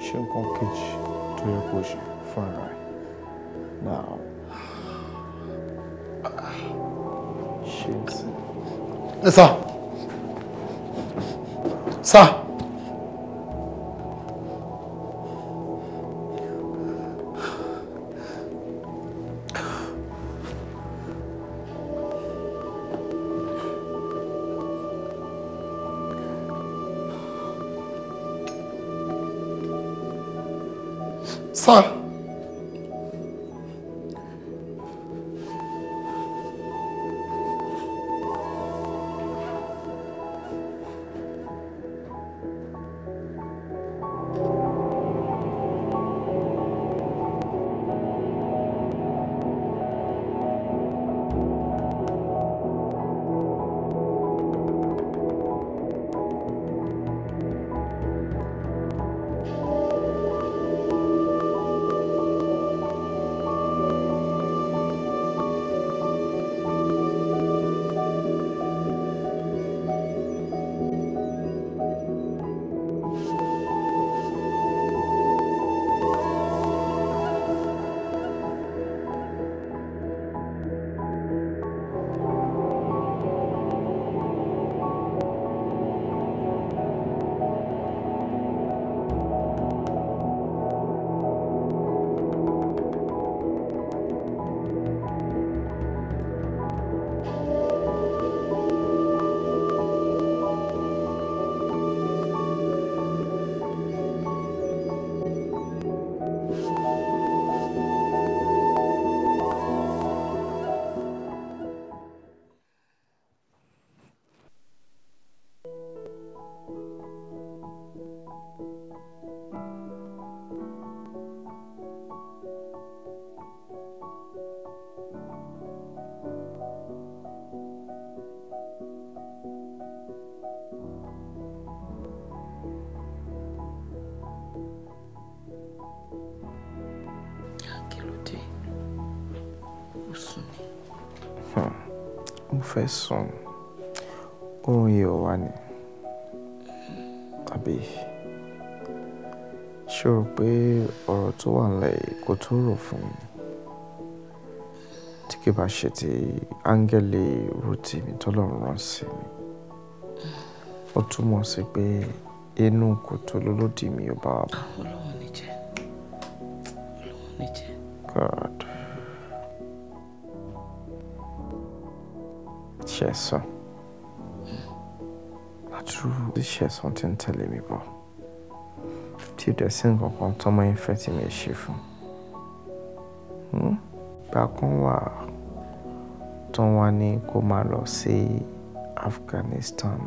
Chegou com o kit to your bush for Now. Shit. Sá! Sá! fẹ́ sùn oorun yìí ò wá ni àbí ṣé o rò pé ọ̀rọ̀ tó wà nílẹ̀ kò tó rò fún mi tí kì bá ṣe ti áńgẹ́lì rúti mi tọ́lọ́run rán sí mi ó túmọ̀ sí pé inú kòtò lolódì mi ò bá wà. Ah, share something telling me bọ tí o dẹ̀ sí nǹkan kan tó máa ń fẹ́ tí mi ṣe fún bákan wà tó wá ní kó máa lọ sí Afghanistan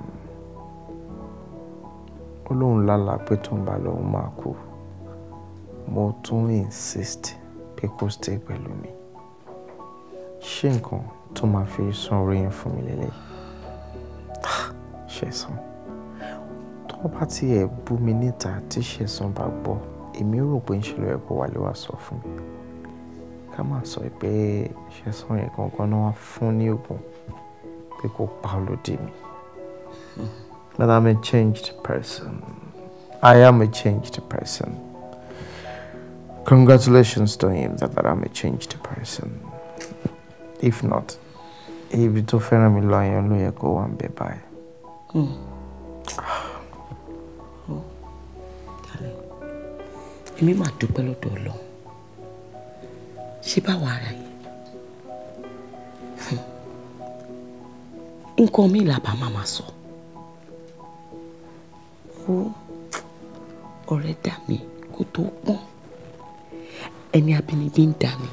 ó lóun lálàá pé tóun bá lọ òun máa kú mo tún insist pé kó stay pẹ̀lú mi ṣé nǹkan tó máa fi sún orí yẹn fún mi lélẹ́yìí ṣe sàn wọ́n bá tiẹ̀ bú mi níta tí ṣẹ̀sán bá gbọ́ èmi rò pé ń ṣe lọ́ọ́ ẹ̀kọ́ wálé wá sọ fún mi ká má sọ pé ṣẹ̀sán yẹn gangan náà wá fún ní oògùn pé kó pa olóde mi. That I'm a changed person. I am a changed person. Congratulations to him that, that I'm a changed person. If not, ibi tó fẹ́ràn mi lọ yẹn ló yẹ kó wà ń bẹ báyìí. Hmm. èmi máa dúpẹ́ lọ́dọ̀ ọlọ́run ṣé báwa ara yìí nǹkan mi làbá máa ma sọ ó ọ̀rẹ́ dà mí kó tó pọ́n ẹni abínibí ń dà mí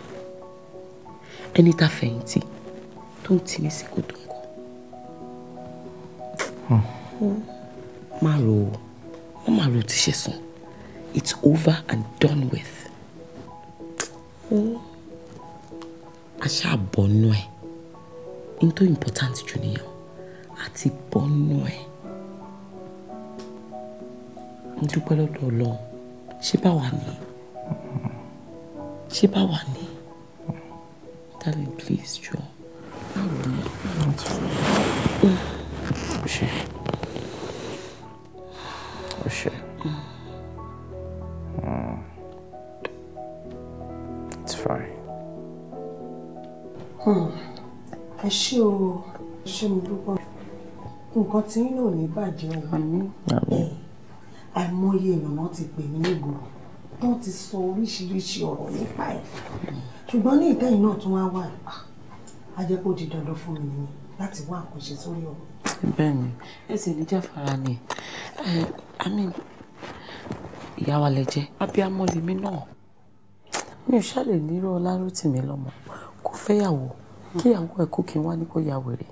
ẹni tá fẹ̀yìntì tó ń tì mí sí kòtò nǹkan ó máa rò ó máa rò ó ti ṣe sùn. It's over and done with. Asha Bonwe, into ní tó important jù Ati Bonwe, bọ́nú ẹ̀. Mo dúpẹ́ lọ́dọ̀ Wani, ṣé Wani. darling please Joe. báwo ni. Ó ṣe ó ṣe. Mm. It's fine. Hmm. Ẹ ṣé sure. ṣé mo dúpọ́. Nǹkan tí yín náà ní bàjẹ́ ọ̀hún. Àìmọye èèyàn náà ti pè mí nígboro. Wọ́n ti sọ oríṣiríṣi ọ̀rọ̀ nípa ẹ̀. Ṣùgbọ́n ní ìtẹ́yìn náà tún wá wà. Ah, a jẹ́ kó di dandan fún mi nìyẹn láti wá àkànṣe sórí ọ̀rọ̀. Bẹ́ẹ̀ni, ẹsẹ̀ ní jáfara I mean, ìyá wa lẹ jẹ́ abiyamọ lèmi náà mi ò ṣàlè nírú Ọláròtìmí lọ́mọ kó fẹ́yàwó kíyàwó ẹ̀ kó kí n wá ní kó ya wèrè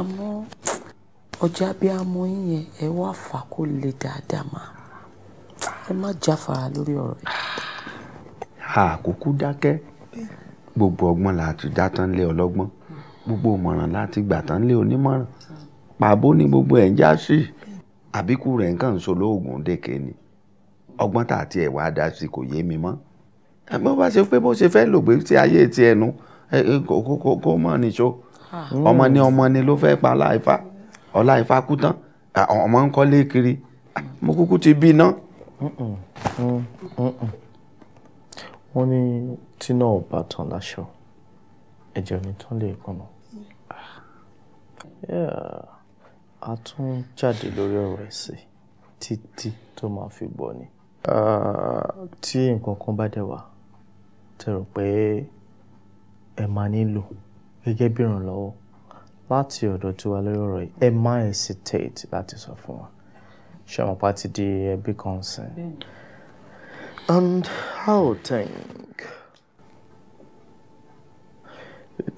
àmọ́ ọjà abiyamọ yín yẹn ẹ wá fà kó lè dáadáa mà ẹ má jáfara lórí ọ̀rọ̀ yìí. àkókò dákẹ́ gbogbo ọgbọ́n láti dá tán lé ọlọ́gbọ́n gbogbo ìmọ̀ràn láti gbà tán lé onímọ̀ràn pàbó ni gbogbo ẹ̀ ń já sí àbíkú rẹ̀ nǹkan ń solóògùn dèké ni ọgbọ́n tà tí ẹ̀ wá dá sí kò yé mi mọ́ bó bá ṣe pé bó ṣe fẹ́ lògbé tí ayé ti ẹnu kó mọ̀ níṣó ah. ọmọ ni ọmọ ni ló fẹ́ pa ọláìfá ọláìfá kú tán ọmọ ń kọ́lé kiri mo kúkú ti bí ná. wọ́n ní tíná ò tán láṣọ ẹ̀jẹ̀ onítàn lè kàn ah. Yeah a tún jáde lórí ọ̀rọ̀ ẹ̀sìn títí tó máa fi gbọ́ ni. tí nǹkan kan bá dẹ̀ wá tẹ́ rò pé ẹ máa nílò gẹ́gẹ́ bí ìrànlọ́wọ́ láti ọ̀dọ̀ tí wà lórí ọ̀rọ̀ yìí ẹ má hesitate láti sọ fún wa ṣé àwọn pa ti di ẹbí kan sìn. and how would think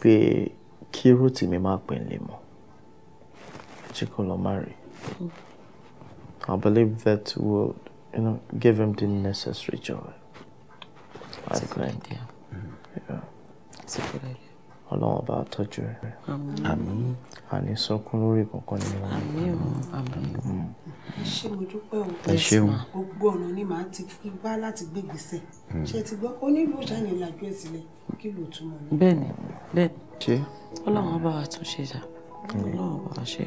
pé kí rotimi má pè ń lè mọ́. Chikolomari. Mm. I believe that will, you know, give him the necessary joy. That's I think. Idea. Mm. Yeah. That's a good idea. Ọlọ́run ọba àtọ́jú rẹ̀. Àmín. Àní sọkún lórí kankan ni wọ́n. Àmín o, àmín. Mm. Ẹ ṣé mo dúpẹ́ o. Ẹ ṣeun. Gbogbo ọ̀nà ni màá big fi wá láti gbé go mm. Ṣé ti gbọ́? Onílù ìṣàlẹ̀ ìlàjú Give you kí ló túmọ̀ ní. She. bẹ́ẹ̀ni. Ṣé? Ọlọ́run ọba àtúnṣe dà. Mm. Ọlọ́run about àṣẹ.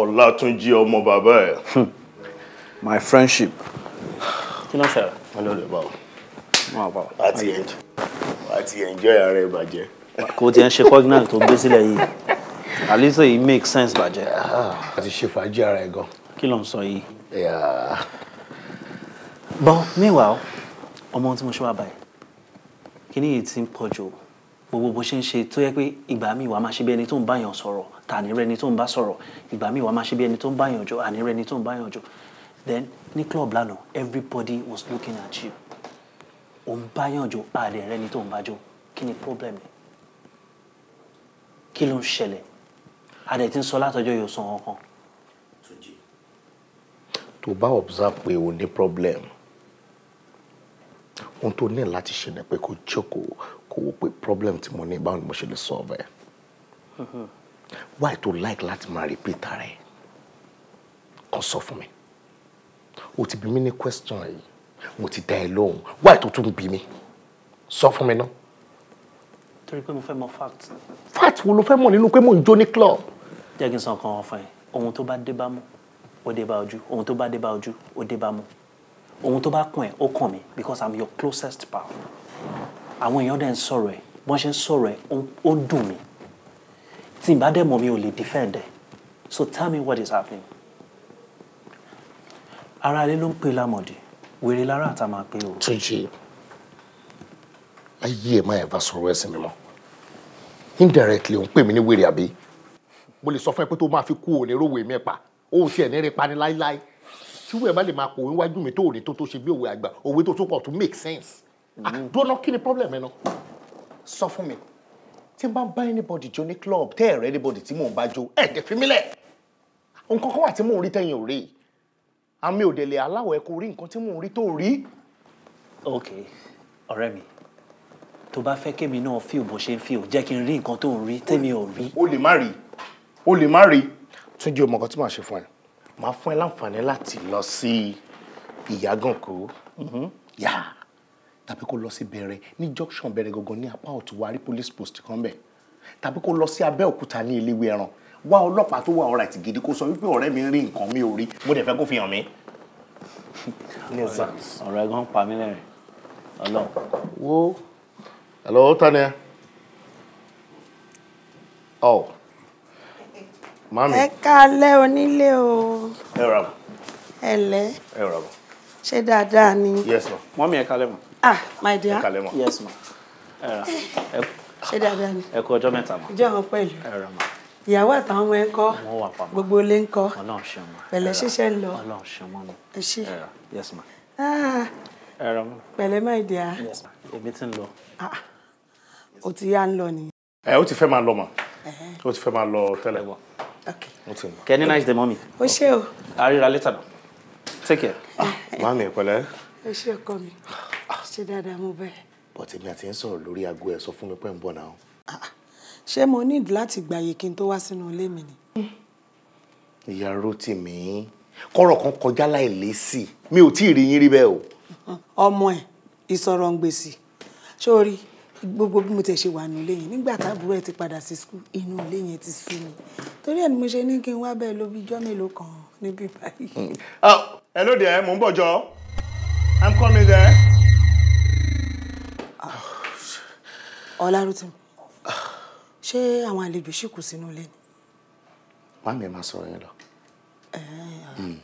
Ọlátúnjí ọmọ bàbá ẹ̀. Hmm. My friendship. Kí ló ń ṣẹlẹ̀? Wọ́n ló lè bá o. Wọ́n á bá o. Wà á ti enjoy. Wà á ti enjoy ara ẹ̀ bàjẹ́. Kò tiẹ̀ ń ṣe cognant tó gbé sílẹ̀ yìí. Àlísò yìí make sense bàjẹ́. A ti ṣe fàájì ara ẹ̀ gan. Kí ló ń sọ yìí? But meanwhile, ọmọ tí mo ṣe wá báyìí, kí ni yìí ti ń pọ̀ jù gbogbo bó ṣe ń ṣe tó yẹ pé ìgbà míì wàá máa ṣe bí ẹni tó ń báyàn sọ̀rọ̀ tà ní rẹni tó ń bá sọ̀rọ̀ ìgbà míì wàá máa ṣe bí ẹni tó ń báyàn jọ àní rẹni tó ń báyàn jọ then ní club lánàá everybody was looking at you ò ń báyàn jọ àdè rẹni tó ń bá jọ kí ni problem kí ló ń ṣẹlẹ̀ àdè tí ń sọ látọjọ́ yóò san ọkàn. tó bá observe pé o ní problem ohun tó ní láti ṣe ni pé kó jókòó kó wò pé problem tí mo ní báwo ni mo ṣe lè solve ẹ̀ why tó like láti máa repeat ara ẹ̀ kan sọ fún mi o ti bí mi ní question yìí mo ti dá ẹ lóhùn why tó tún bí mi sọ fún mi náà. torí pé mo fẹ́ mọ fact. fact wo ló fẹ́ mọ̀ nínú pé mo ń jó ní club. jẹ́ kí n sọ nǹkan wọn fún ẹ ohun tó bá dé bá mú ó dé bá ojú ohun tó bá dé bá ojú ó dé bá mú ohun tó bá kàn ẹ́ ó kàn mí because i'm your closest pal àwọn èèyàn dẹ̀ ń sọ̀rọ̀ ẹ̀ bọ́n ṣe ń sọ̀rọ̀ ẹ̀ ó dùn mí tí n bá dẹ̀ mọ̀ mi ò lè defend ẹ̀ so tell me what is happening. ara ilé ló ń pè lámọ̀dì wèrè lára àtà máa pè o. Túnjí ayé ẹ̀ máa ẹ̀ bá sọ̀rọ̀ ẹ̀sìn mi mọ́ indirectly òun pè mí ní wèrè àbí mo lè sọ fún ẹ pé tó máa fi kú òní rówó èmi ẹ̀ pa òun tiẹ̀ ní rí pa ní láíláí tí wẹ́ẹ̀ bá lè máa pòwe wájú mi tó òde tó tó ṣe bí òwe àgbà òwe tó tó pọ̀ tó make sense. Ah, mm-hmm. dúró kí ni problem ẹ náà. sọ fún mi tí n bá ń bá anybody jó ní club tẹ́ ẹ̀rẹ́ anybody tí mò ń bá jó ẹ̀ dẹ̀ fi mí lẹ̀ nǹkan kan wà tí mò ń rí tẹ́yìn ò rí àmì òdèlè aláwọ̀ ẹ̀ kò rí nǹkan tí mò ń rí tó rí. ok ọ̀rẹ́ mi tó bá fẹ́ kémi náà fíò bó ṣe ń fíò jẹ́ kí n rí nǹkan tó ń rí tèmi ò rí. o lè má rí o lè má rí. Túnjí o mọ̀ tí màá ṣe fún ẹ máa fún ẹ láǹfààní láti lọ sí ìyàgànkó mm-hmm. yà tàbí kó lọ sí bẹ̀rẹ̀ ní junction bẹ̀rẹ̀ gangan ní apá ọ̀tún wa rí police post kan bẹ̀ tàbí kó lọ sí abẹ́òkúta ní eléwé ẹran wá ọlọ́pàá tó wà ọ̀rẹ́ ti gidi kó sọ wípé ọ̀rẹ́ mi rí nǹkan mi ò rí mo dẹ̀ fẹ́ kó fi hàn mí. ọ̀rọ̀ ẹ̀gán pa mí lẹ́rìn ọlọ́run. wo hello tania. oh mami. ẹ kálẹ́ onílé o. ẹ rà bọ̀. ẹ lẹ́. ẹ rà bọ̀. ṣé dáadáa ni. yes ma. mọ́mí ẹ kálẹ́ ma. ah my dear. ẹ kálẹ́ ma. yes ma. ẹ rà ṣé dáadáa ni. ẹ kú ọjọ́ mẹ́ta ma. ìjọ àwọn pẹ̀lú. ẹ rà ma. ìyàwó àtàwọn ọmọ ẹ ń kọ́. wọ́n wà pamọ́. gbogbo ilé ń kọ́. ọlọ́run ṣe mọ́. pẹ̀lẹ́ ṣiṣẹ́ ń lọ. ọlọ́run ṣe mọ́ ẹ ṣe. ẹ rà yes ma. ah ẹ rà ma. pẹ̀lẹ́ my dear. yes ma. èmi ah o ti yá ń lọ nìyẹn. ẹ o ti fẹ́ máa lọ Okay. Kẹ́ni okay. nice day mọ́mí. O ṣé o. Àríra later náà. Take care. Ah, eh. Mommy, ìpẹ́lẹ́. O ṣé ọkọ mi. Ṣé dáadáa mo bẹ̀rẹ̀. But èmi àti ń sọ̀rọ̀ lórí aago ẹ̀ sọ fún mi pé ń bọ̀ náà. Ah, ah. Ṣé mo ní láti gbàyè kí n tó wá sínú ilé mi ni? Ìyá Rótìmí, kọ́rọ̀ kan kọjá láìlésì, mi ò tí ì rí yín rí o. Ọmọ ẹ̀ ìsọ̀rọ̀ ń gbèsì, ṣó gbogbo bí mo tẹ̀ ṣe wà nù lẹ́yìn nígbà táàbúrò ẹ̀ ti padà sí skul inú ilé yẹn ti sú mi torí ẹ̀ ni mo ṣe ní kí n wá bẹ́ẹ̀ lóbi ijọ́ mélòó kan níbí báyìí. Hmm. Oh, hello there mò ń bọ̀ jọ i'm coming there. Ah, ọlárútìmí ṣé àwọn àlejò ṣì kù sínú ilé ni. màmí ẹ máa sọ̀rọ̀ yẹn lọ. Eh, hmm.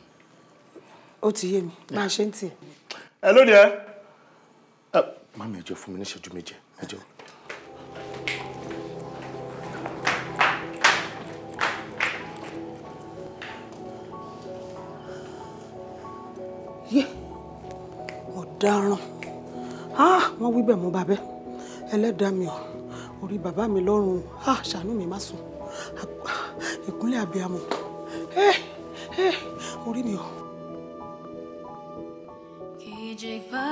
ó ti yé mi bá ṣe ń tì. hello there. Eh, màmí ẹ jọ fún mi ní ìṣẹ́jú méje ẹ jọ̀ọ́. yé ọ̀daràn wọ́n wí bẹ́ẹ̀ mú babẹ́ ẹlẹ́dàá mi ò orí bàbá mi lọ́rùn ah, ṣàánú mi má sùn ìkúnlẹ̀ abiyamọ eh, eh, orí mi ò. kìjì bá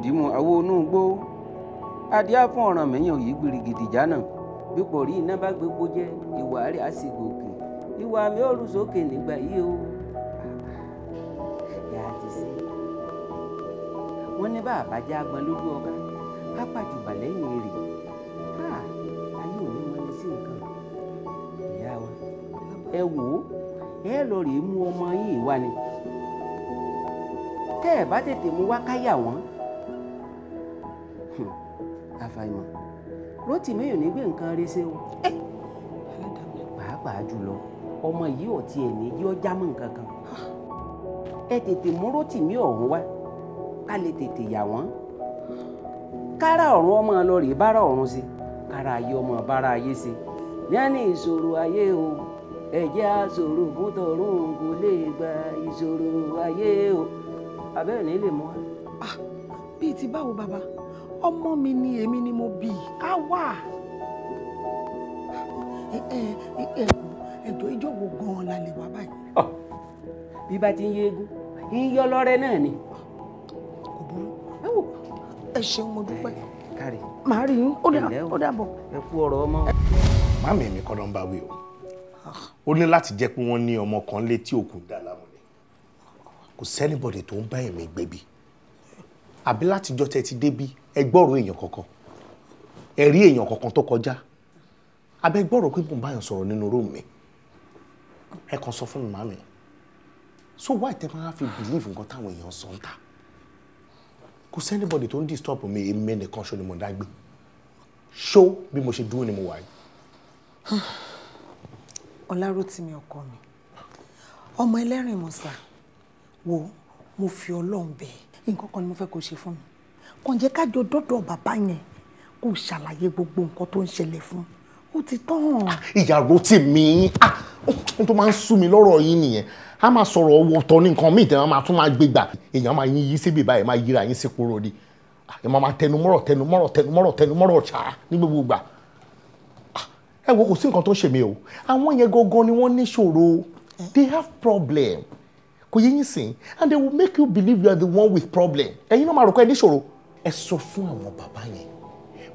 dìmùdìmù àwo inú gbó adìẹ fún ọ̀ràn mẹ́yàn yìí gbìrìgìdì jánà bípò rí iná bá gbégbó jẹ ìwà rẹ̀ á sì gòkè ìwà mi ò rú sókè nígbà yìí o ìyá ti ṣe wọn ní bá àbájá agbọn lójú ọba ká pàjùbà lẹ́yìn rẹ̀ ayé ò ní mọni sí nǹkan ìyá wa ẹ wò ó ẹ lọ rèé mú ọmọ yìí wá ni tẹ́ ẹ bá tètè mú wá káyà wọ́n àṣàyàn Rótìmí ò ní nǹkan rẹ ṣe o pàápàá jùlọ ọmọ yìí ò tiẹ̀ ní yí ọjà mọ́ nǹkan kan ẹ tètè mú Rótìmí ọ̀hún wá ká lè tètè yà wọ́n kára ọ̀run ọmọ lọ rèé bára ọ̀run ṣe kára ayé ọmọ bára ayé ṣe ní ìṣòro ayé o ẹ̀jẹ̀ àṣòro fún tọ̀run kò lè gba ìṣòro ayé o abẹ́rẹ́ ní lè mọ́. Ah! bíi ti báwo bàbá ọmọ mi ni èmi ni mo bí á wà ẹjọ ìjọ wo gan-an la lè wá báyìí. Ah. bí bá ti ń yé eégún ń yọ lọ́rẹ́ náà ni. kò burú ẹ wò ẹ ṣeun mo dúpẹ́. kárí màá rí yín ó dàbọ̀. ẹ kú ọ̀rọ̀ ọmọ. màmí mi kọ́ ló ń bá wí o ah. ó ní láti jẹ́ pé wọ́n ní ọmọ kan létí òkú dá kò sẹ́nibọ̀dì tó ń bá ẹ̀mí gbẹ̀bí àbí látijọ́ tẹ ti débi ẹgbọ́rò èèyàn kankan ẹ̀rí èèyàn kankan tó kọjá abẹ́ gbọ́rò pé mò ń báyọ̀ sọ̀rọ̀ nínú róòmù mi ẹ kàn sọ fún mi màmí so why tẹ máa fi believe nǹkan táwọn èèyàn sọ ń ta kò sẹ́nibọ̀dì tó ń disturb mi èmi ẹnìkan ṣo ni mo dágbé ṣó bí mo ṣe dúró ni mo wà yìí. Ọlárótìmí ọkọ mi ọmọ ẹlẹ́rìn mọ̀sá wo mo fi Ọlọ́run bẹ̀ẹ́ nǹkan kan ni mo fẹ́ kó ṣe fún mi kàn jẹ́ ká jọ dọ́dọ̀ bàbá yẹn kó ṣàlàyé gbogbo nǹkan tó ń ṣẹlẹ̀ fún ó ti tán. Ah, ìyàwó tèmi ah, ohun tó máa ń sú mi lọ́rọ̀ yìí nìyẹn a máa sọ̀rọ̀ ọwọ́ tọ́ ní nǹkan míì tẹ̀wọ́n máa tún máa gbé gbà èèyàn máa yín yí síbi báyìí máa yíra yín sípò ròde ẹ máa máa tẹnumọ́rọ̀ tẹnumọ́rọ̀ tẹnumọ́rọ̀ tẹnumọ́rọ̀ ṣá ní gbogbo ìgbà ah, ẹ wo kò sí nǹkan tó ń ṣe mí o àwọn yẹn gangan ni wọ́n níṣòro they have problem kò yẹ yín sìn and they will make you believe you are the one with problem ẹ̀yin náà máa rò pé ẹni ṣòro ẹ sọ fún àwọn bàbá yẹn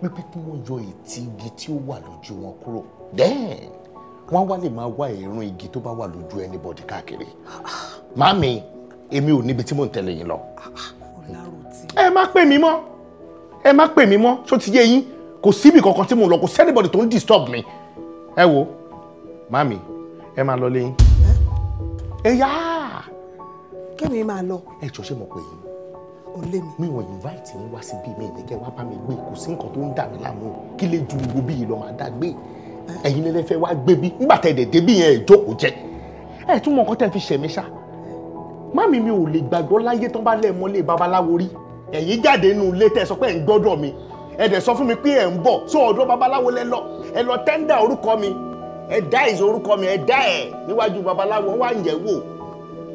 wípé kí wọ́n yọ ètí igi tí ó wà lójú wọn kúrò then wọ́n wá lè máa wá ìrún igi tó bá wà lójú anybody káàkiri màmí èmi ò níbi tí mò ń tẹ̀lé yín lọ. ẹ má pè mí mọ́ ẹ má pè mí mọ́ ṣó ti yé yín kò síbi kankan tí mò ń lọ kò sẹ́nìbọ̀dì tó ń disturb mi ẹ wo màmí ẹ máa lọ lẹ́yìn. ẹ̀yà kémi máa lọ. ẹ jọ ṣé mo pè yín. ò lé mi. mi ò invite yín wá síbí mi ní kẹ́ wá bá mi gbé kò sí nǹkan tó ń dà mí láàmú kí lè ju gbogbo bí ìlọ máa dá gbé ẹ̀yin lẹlẹ fẹ́ wá gbé bí nígbà tẹ dẹdẹ bí yẹn ìjókòó jẹ ẹ tún mọ nǹkan tẹ fi ṣẹmí ṣá mami mi ò lè gbàgbọ́ láyé tán bá lẹ̀ mọ́lé babaláwo rí ẹ̀yin jáde nínú ilé tẹ́ sọ pé ẹ̀ ń gbọ́dọ̀ mi ẹ dẹ̀ sọ fún mi pé ẹ̀ ń bọ̀ sọ ọ̀dọ̀ babaláwo lẹ lọ ẹ lọ tẹ́ńdà orúkọ mi ẹ dá ìṣòrúkọ mi ẹ dá ẹ̀ níwájú babaláwo wá ń yẹ̀ wò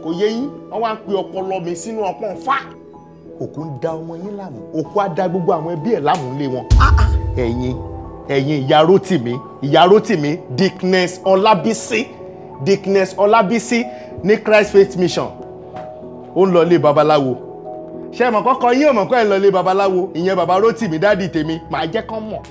kò yé yín wọ́n wá ń pe ọpọlọ mi sínú ọpọ́n fá òkú ń da ọmọ yín láàmú òkú á da gbogbo àwọn ẹbí ẹ̀ láàmú lé wọn ah, ah. ẹ̀yin ẹ̀yin ìyá Rótìmí ìyá Rótìmí Dickness Ọlábísí Dickness Ọlábísí ní Christ Faith Mission ó ń lọ ilé babaláwo ṣe mọ̀ kọ́kọ́ yín ò mọ̀ kọ́ ẹ̀ lọ ilé babaláwo ìyẹn baba Rótìmí dáàdì tèmi màá jẹ́ kán mọ̀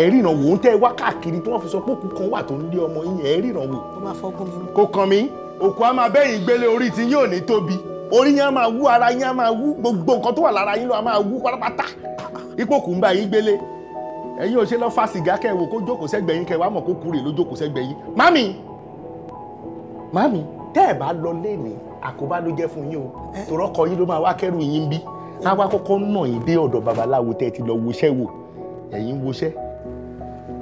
ẹ̀rí ìrànwọ́ ń tẹ́ wá káàkiri tí wọ́n fi sọ pé òkú kan wà tó ń lé ọmọ yín ẹ̀rí ìrànwọ́. kó kan mi òkú á máa bẹ́yìn gbélé orí tí yóò ní tóbi orí yẹn á máa wú ara yẹn á máa wú gbogbo nǹkan tó wà lára yín ló á máa wú pátápátá ipò ń bá yín gbélé ẹ̀yin ò ṣe lọ fa sìgá kẹ́ kó jókòó sẹ́gbẹ̀ẹ́ yín kẹ́ mọ̀ kó kúrè ló jókòó sẹ́gbẹ̀ẹ́ yín mami mami tẹ́ ẹ̀ bá lọ léèní àkóbá ló jẹ́ fún yín o tòrọ́ kọ yín ló máa wá kẹ́rù yín bí á wá kọ́kọ́ nà yín dé ọ̀dọ̀ babaláwo tẹ́ ẹ ti lọ woṣẹ́ wò ẹ̀yin woṣẹ́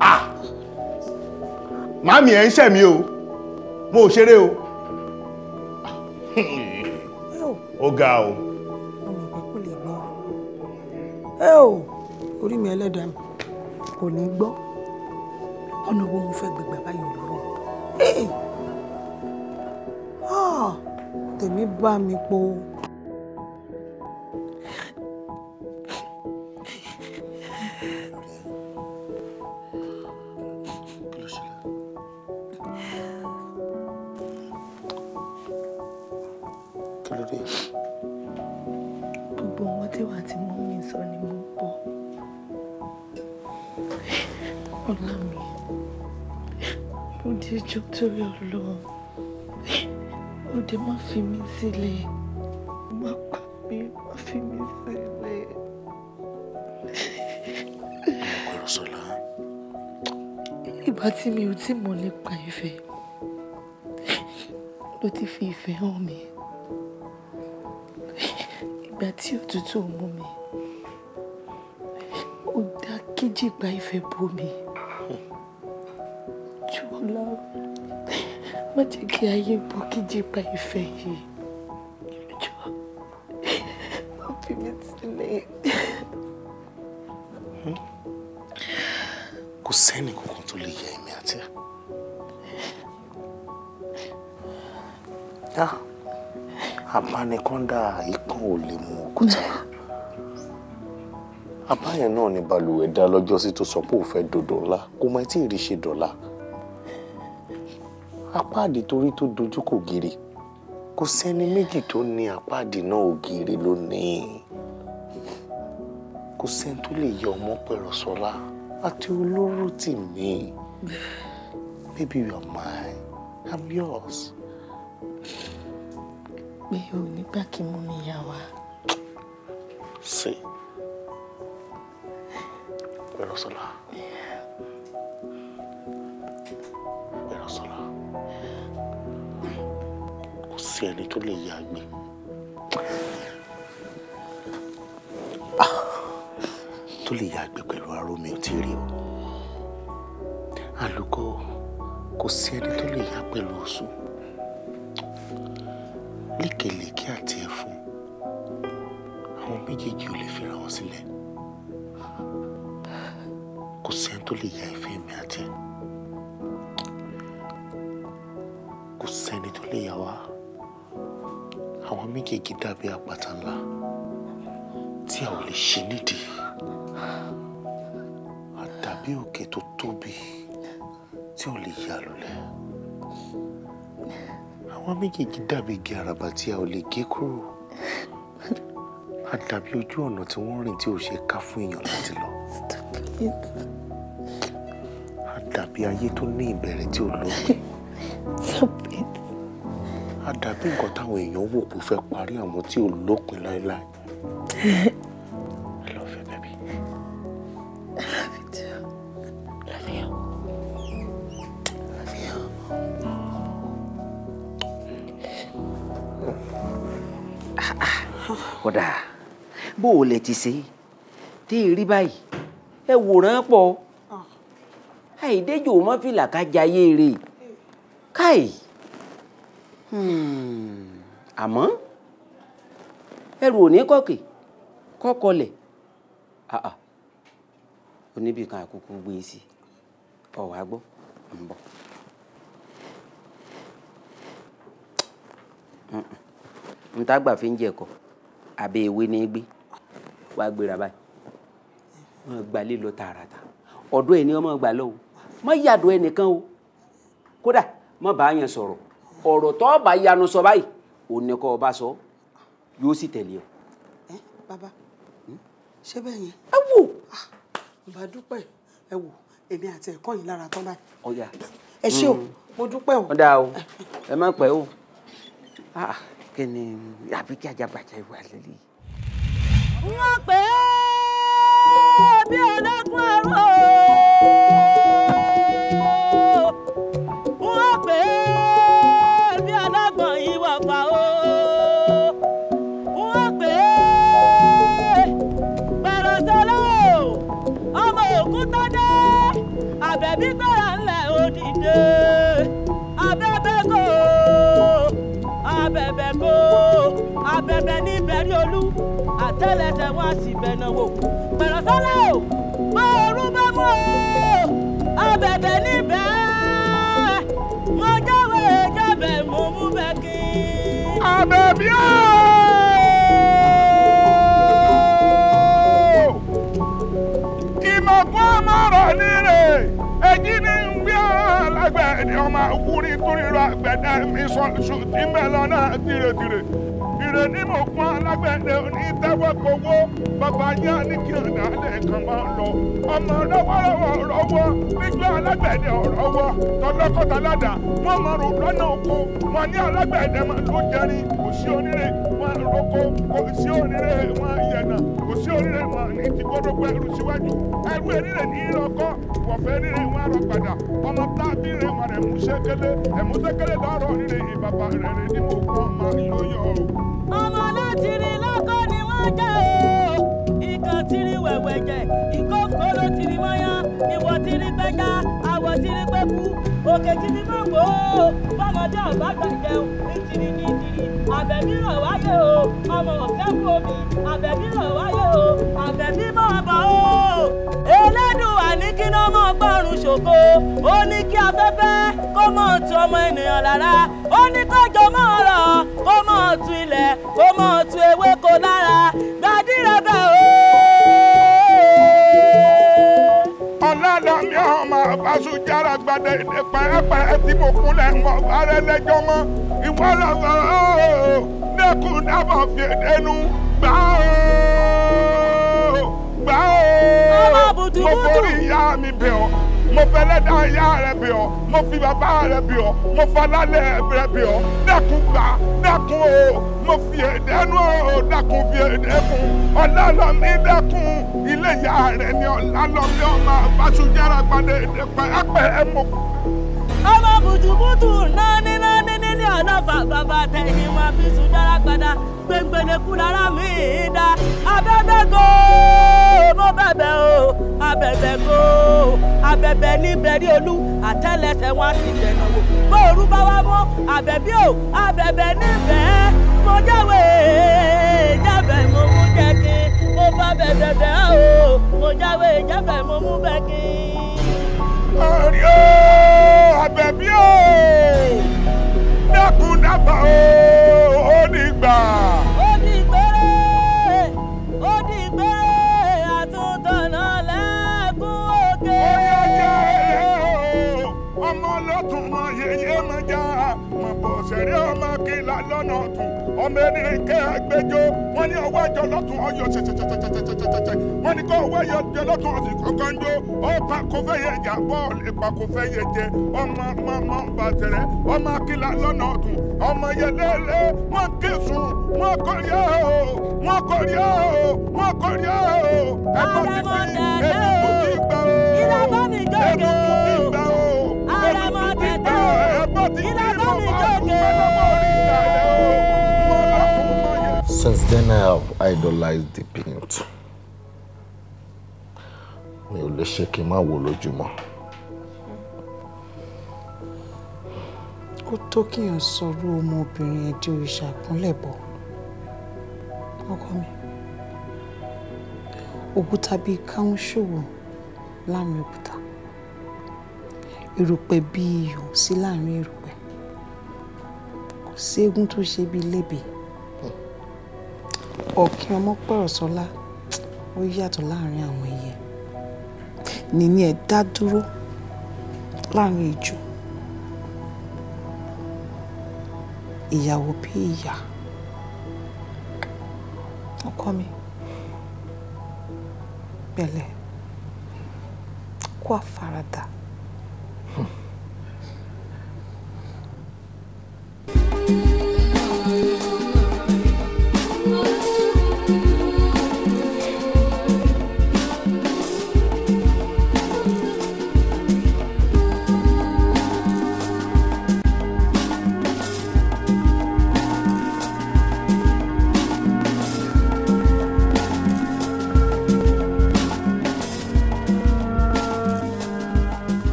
ah mami ẹ̀ ń ṣẹ̀mí o mo ò ṣeré o ó ga o. ọmọ ìpẹ́ kò lè gbọ́ ẹ o orí mi ẹlẹ́dàá mi kò ní gbọ́ ọ̀nà wo mo fẹ́ gbẹgbẹ́ báyìí lọ́wọ́ ah! tèmi bá mi po. ẹjọ́ torí ọlọ́run òde má fi mí sílẹ̀ má pa mí má fi mí sílẹ̀. Kòròsọ́lá. ìgbà tí mi ò tí mọ̀ nípa ìfẹ́ ló ti fi ìfẹ́ hàn mí ìgbà tí òtútù mú mi ó dá kíjì gba ìfẹ́ bò mí. má jẹ́ kí ayé bọ́ kíjì pa ìfẹ́ yìí jọ má fi mí sílẹ̀. kò sẹ́ni kankan tó lè yẹ èmi àti ẹ̀. abánikọ́ndà ikán ò lè mú òkúta abáyẹn náà ni balùwẹ̀ dá lọ́jọ́ sí tó sọ pé òun fẹ́ dòdò ńlá kó má tí ì dọ̀la àpáàdì torí tó dojú kò gèrè kò sẹ́ni méjì tó ní àpáàdì náà ògèrè lónìí kò sẹ́ni tó lè yẹ ọmọ pẹ̀rọ sọlá àti olóró tì mí baby you are mine i'm yours. pé o nígbà kí mú mi yá wa. sí pẹ̀rọ sọlá. sí ẹni tó lè yá gbé. Ah, tó lè yá gbé pẹ̀lú aró mi ò tí rí o. àlùkò kò sí ẹni tó lè yá pẹ̀lú osùn. lékelèké àti ẹ̀fọn àwọn méjèèjì ò lè fira wọn sílẹ̀. kò sí ẹni tó lè yá ẹ̀fọn. kéékèèké dàbí àpáta ńlá tí a ò lè ṣe nídìí àdàbí òkè tó tóbi tí ò lè yà lulẹ̀ àwọn méjèèjì dàbí igi àràbà tí a ò lè gé kúrò àdàbí ojú ọ̀nà tí wọ́n rìn tí ò ṣe ká fún èèyàn láti lọ àdàbí ayé tó ní ìbẹ̀rẹ̀ tí ò lópin àdàbí nǹkan táwọn èèyàn wò pé ó fẹ́ parí àwọn tí ò lópin láéláé. I love you, baby. love you Love you. Love you. Kódà bó o lè ti ṣe tí ì rí báyìí ẹ wòran pọ̀ ah. àìdéjò mọ́fìlà ká jayé rè káì. Hmm. àmọ́ ẹrù ò ní kọ́kì kọ́kọlẹ̀ àà oníbìkan àkókò gbé e sí ọ̀wá gbọ́ ń bọ̀. n ta gbà fi ń jẹ̀kọ àbẹ ìwé ní gbé wá gbéra báyìí wọn gbà lé lọ tààràtà ọ̀dọ̀ ẹ̀ ni wọ́n máa gbà lọ o má yàdọ̀ ẹnìkan o kódà má bàa yẹn sọrọ. ọ̀rọ̀ tó bá yanu sọ báyìí òun ni kò bá sọ yóò sì tẹ̀lé ọ. ẹ bàbá ṣé bẹ́ẹ̀ yẹn. ẹ wò ah, bá dúpẹ́ ẹ wò èmi àti ẹ̀kọ́ yìí lára tán báyìí. ọ̀yà ẹ ṣé o mm. mo dúpẹ́ o. ọ̀dà o ẹ má pẹ́ o ah, kí ni àbí kí ajagbàjà ìwà lélẹ̀. wọ́n pè é bí ọlọ́gbọ́n ọ̀rọ̀ o. tẹ́lẹ̀tẹ̀ wá sí bẹ̀nàwó pẹ̀lọ́sọ́lá o mọ òru bá mọ́ o abẹ̀bẹ̀ níbẹ̀ mo jáwé jábẹ̀ mo mú bẹ́ kí. àbẹ̀bí o. ìmọ̀kú ọmọ rọ̀ níre ẹjí ní ń gbé alágbẹ̀ẹ́ ni ọmọ òkúri kúri rọ àgbẹ̀dẹ mi sọ sùn tí ń bẹ̀ lọ náà tìrètìrè. ire ní mò ń pọn alágbẹ̀dẹ onítẹ́wọ́gbowó bàbá yá ní kí ọ̀nà alẹ́ máa lọ. ọmọ lọ́wọ́lọ́wọ́ rọ́wọ́ nígbà alágbẹ̀dẹ ọ̀rọ́wọ́ tọ́lọ́kọ́ta ládàá wọ́n mọ rò lọ́nà oko wọn ní alágbẹ̀dẹ máa ló jẹrin kò sí oníre wọn roko kò sí oníre wọn yẹnà kò sí oníre wọn ní ti gbọdọ̀ pẹ́ síwájú eríre ní ìrọ̀kọ́ wọ̀fẹ́ wọn padà ọmọ rẹ wọn ọmọ látìrí lọ́kọ́ ni wọ́n jẹ́ o ìkan tìrí wẹ̀wẹ̀ jẹ ìkókòrò tìrí mọ́yá ìwọ̀ tìrí pẹ́já àwọ̀ tìrí pẹ́kú òkè tìrí máa wò ó bọ́mọdé ọ̀bá gbà jẹun ìtìrí ní ìtìrí àbẹ̀bí rọ̀ wáyé o ọmọ ọ̀fẹ́ kú omi àbẹ̀bí rọ̀ wáyé o àbẹ̀bí mọ̀ bọ̀ o elédùn ní kí ló mọ gbọ́rùn ṣògo ó ní kí afẹ́fẹ́ kó mọ̀ pẹ́ẹ́pẹ́ tí mo kúnlẹ̀ mọ́ ara ẹlẹ́jọ́ mọ́ ìwọ lọ́wọ́ ooo nẹ́kùn dábọ̀ fi ẹnu gbà ooo gbà ooo mo forí ìyá mi bẹ̀ ọ́ mo fẹ́ lẹ́dá ìyá rẹ̀ bẹ̀ ọ́ mo fi bàbá rẹ̀ bẹ̀ ọ́ mo falálẹ̀ rẹ̀ bẹ̀ ọ́ dẹ́kun gbà dẹ́kun ooo mo fi èdè ooo dẹ́kun fi èdè kún mi dẹ́kun ilé ìyá rẹ ni ọlálọ́bí ọmọ abásúnjára padà èdè pẹ́ẹ́pẹ́ ẹ mọ̀. ọmọ bùtùbùtù nání nání nílé ọ̀nà bàbá tẹ̀yìn mọ́ bí sunjára padà gbẹngbẹ̀dẹ̀kú lára mi dá abẹ́bẹ́ kó mo bẹ̀bẹ̀ o abẹ́bẹ́ kó abẹ́bẹ́ níbẹ̀ ní olú àtẹ́lẹsẹ̀ wọn ti dẹ̀nà wò bóoru bá wá mọ́ abẹ́bí o abẹ́bẹ́ níbẹ̀ mo jáwé jábẹ́ mo mú jẹ́ kí bá bẹ̀ dẹ̀dẹ̀ o mo jáwé jábẹ̀ mo mú bẹ́ kí. ọ̀rí o àbẹ̀bí o dákun dábàá o ò ní fèrè ọmọ kìlà lọ́nà ọ̀tún ọmọ erin kẹ́ ẹgbẹ́jọ́ wọn ni ọwọ́ ẹjọ́ lọ́tún ọyọ ṣẹ̀ṣẹ̀ṣẹ̀ṣẹ̀ṣẹ̀ṣẹ̀ kọ́ ọwọ́ jẹ lọ́tún ọ̀sìn kankan kò fẹ́ yẹ jà bọ́ọ̀lù ìpà kò fẹ́ yẹ jẹ ọmọ ọmọ ọmọ ọmọ kìlà lọ́nà ọ̀tún ọmọ yẹlẹ́lẹ́ kì sùn Since then, I have idolized the paint. Mi ò lè ṣe kí n má wò lójúmọ́. Ó tó kí n sọ̀rọ̀ ọmọbìnrin ẹ̀ di òrìṣà kúnlẹ̀ bọ̀. Ọkọ mi, òkúta bíi káwọn ṣòwò láàrin òkúta. Erùpẹ̀ bíi iyọ̀ sí láàrin èrò ségun tó ṣe bíi lébe ọ̀kín ọmọ pẹ̀rọ̀ sọ́lá ó yàtọ̀ láàrin àwọn ẹyẹ nìní ẹ̀ dá dúró láàrin ìjọ ìyàwó bí ìyà ọkọ mi pẹ̀lẹ́ kó àfaradà.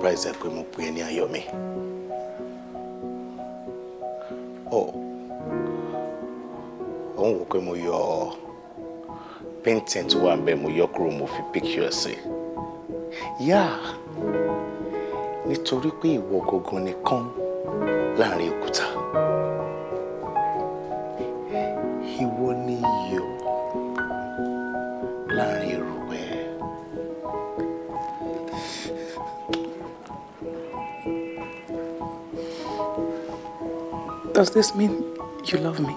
surprise ẹ pé mo pè é ní ayọ̀mí. òun wò pé mo yọ painting tó wà ń mo yọ kúrò mo fi picture sí yá nítorí pé ìwọ gangan nìkan láàrin òkúta. does this mean you love me?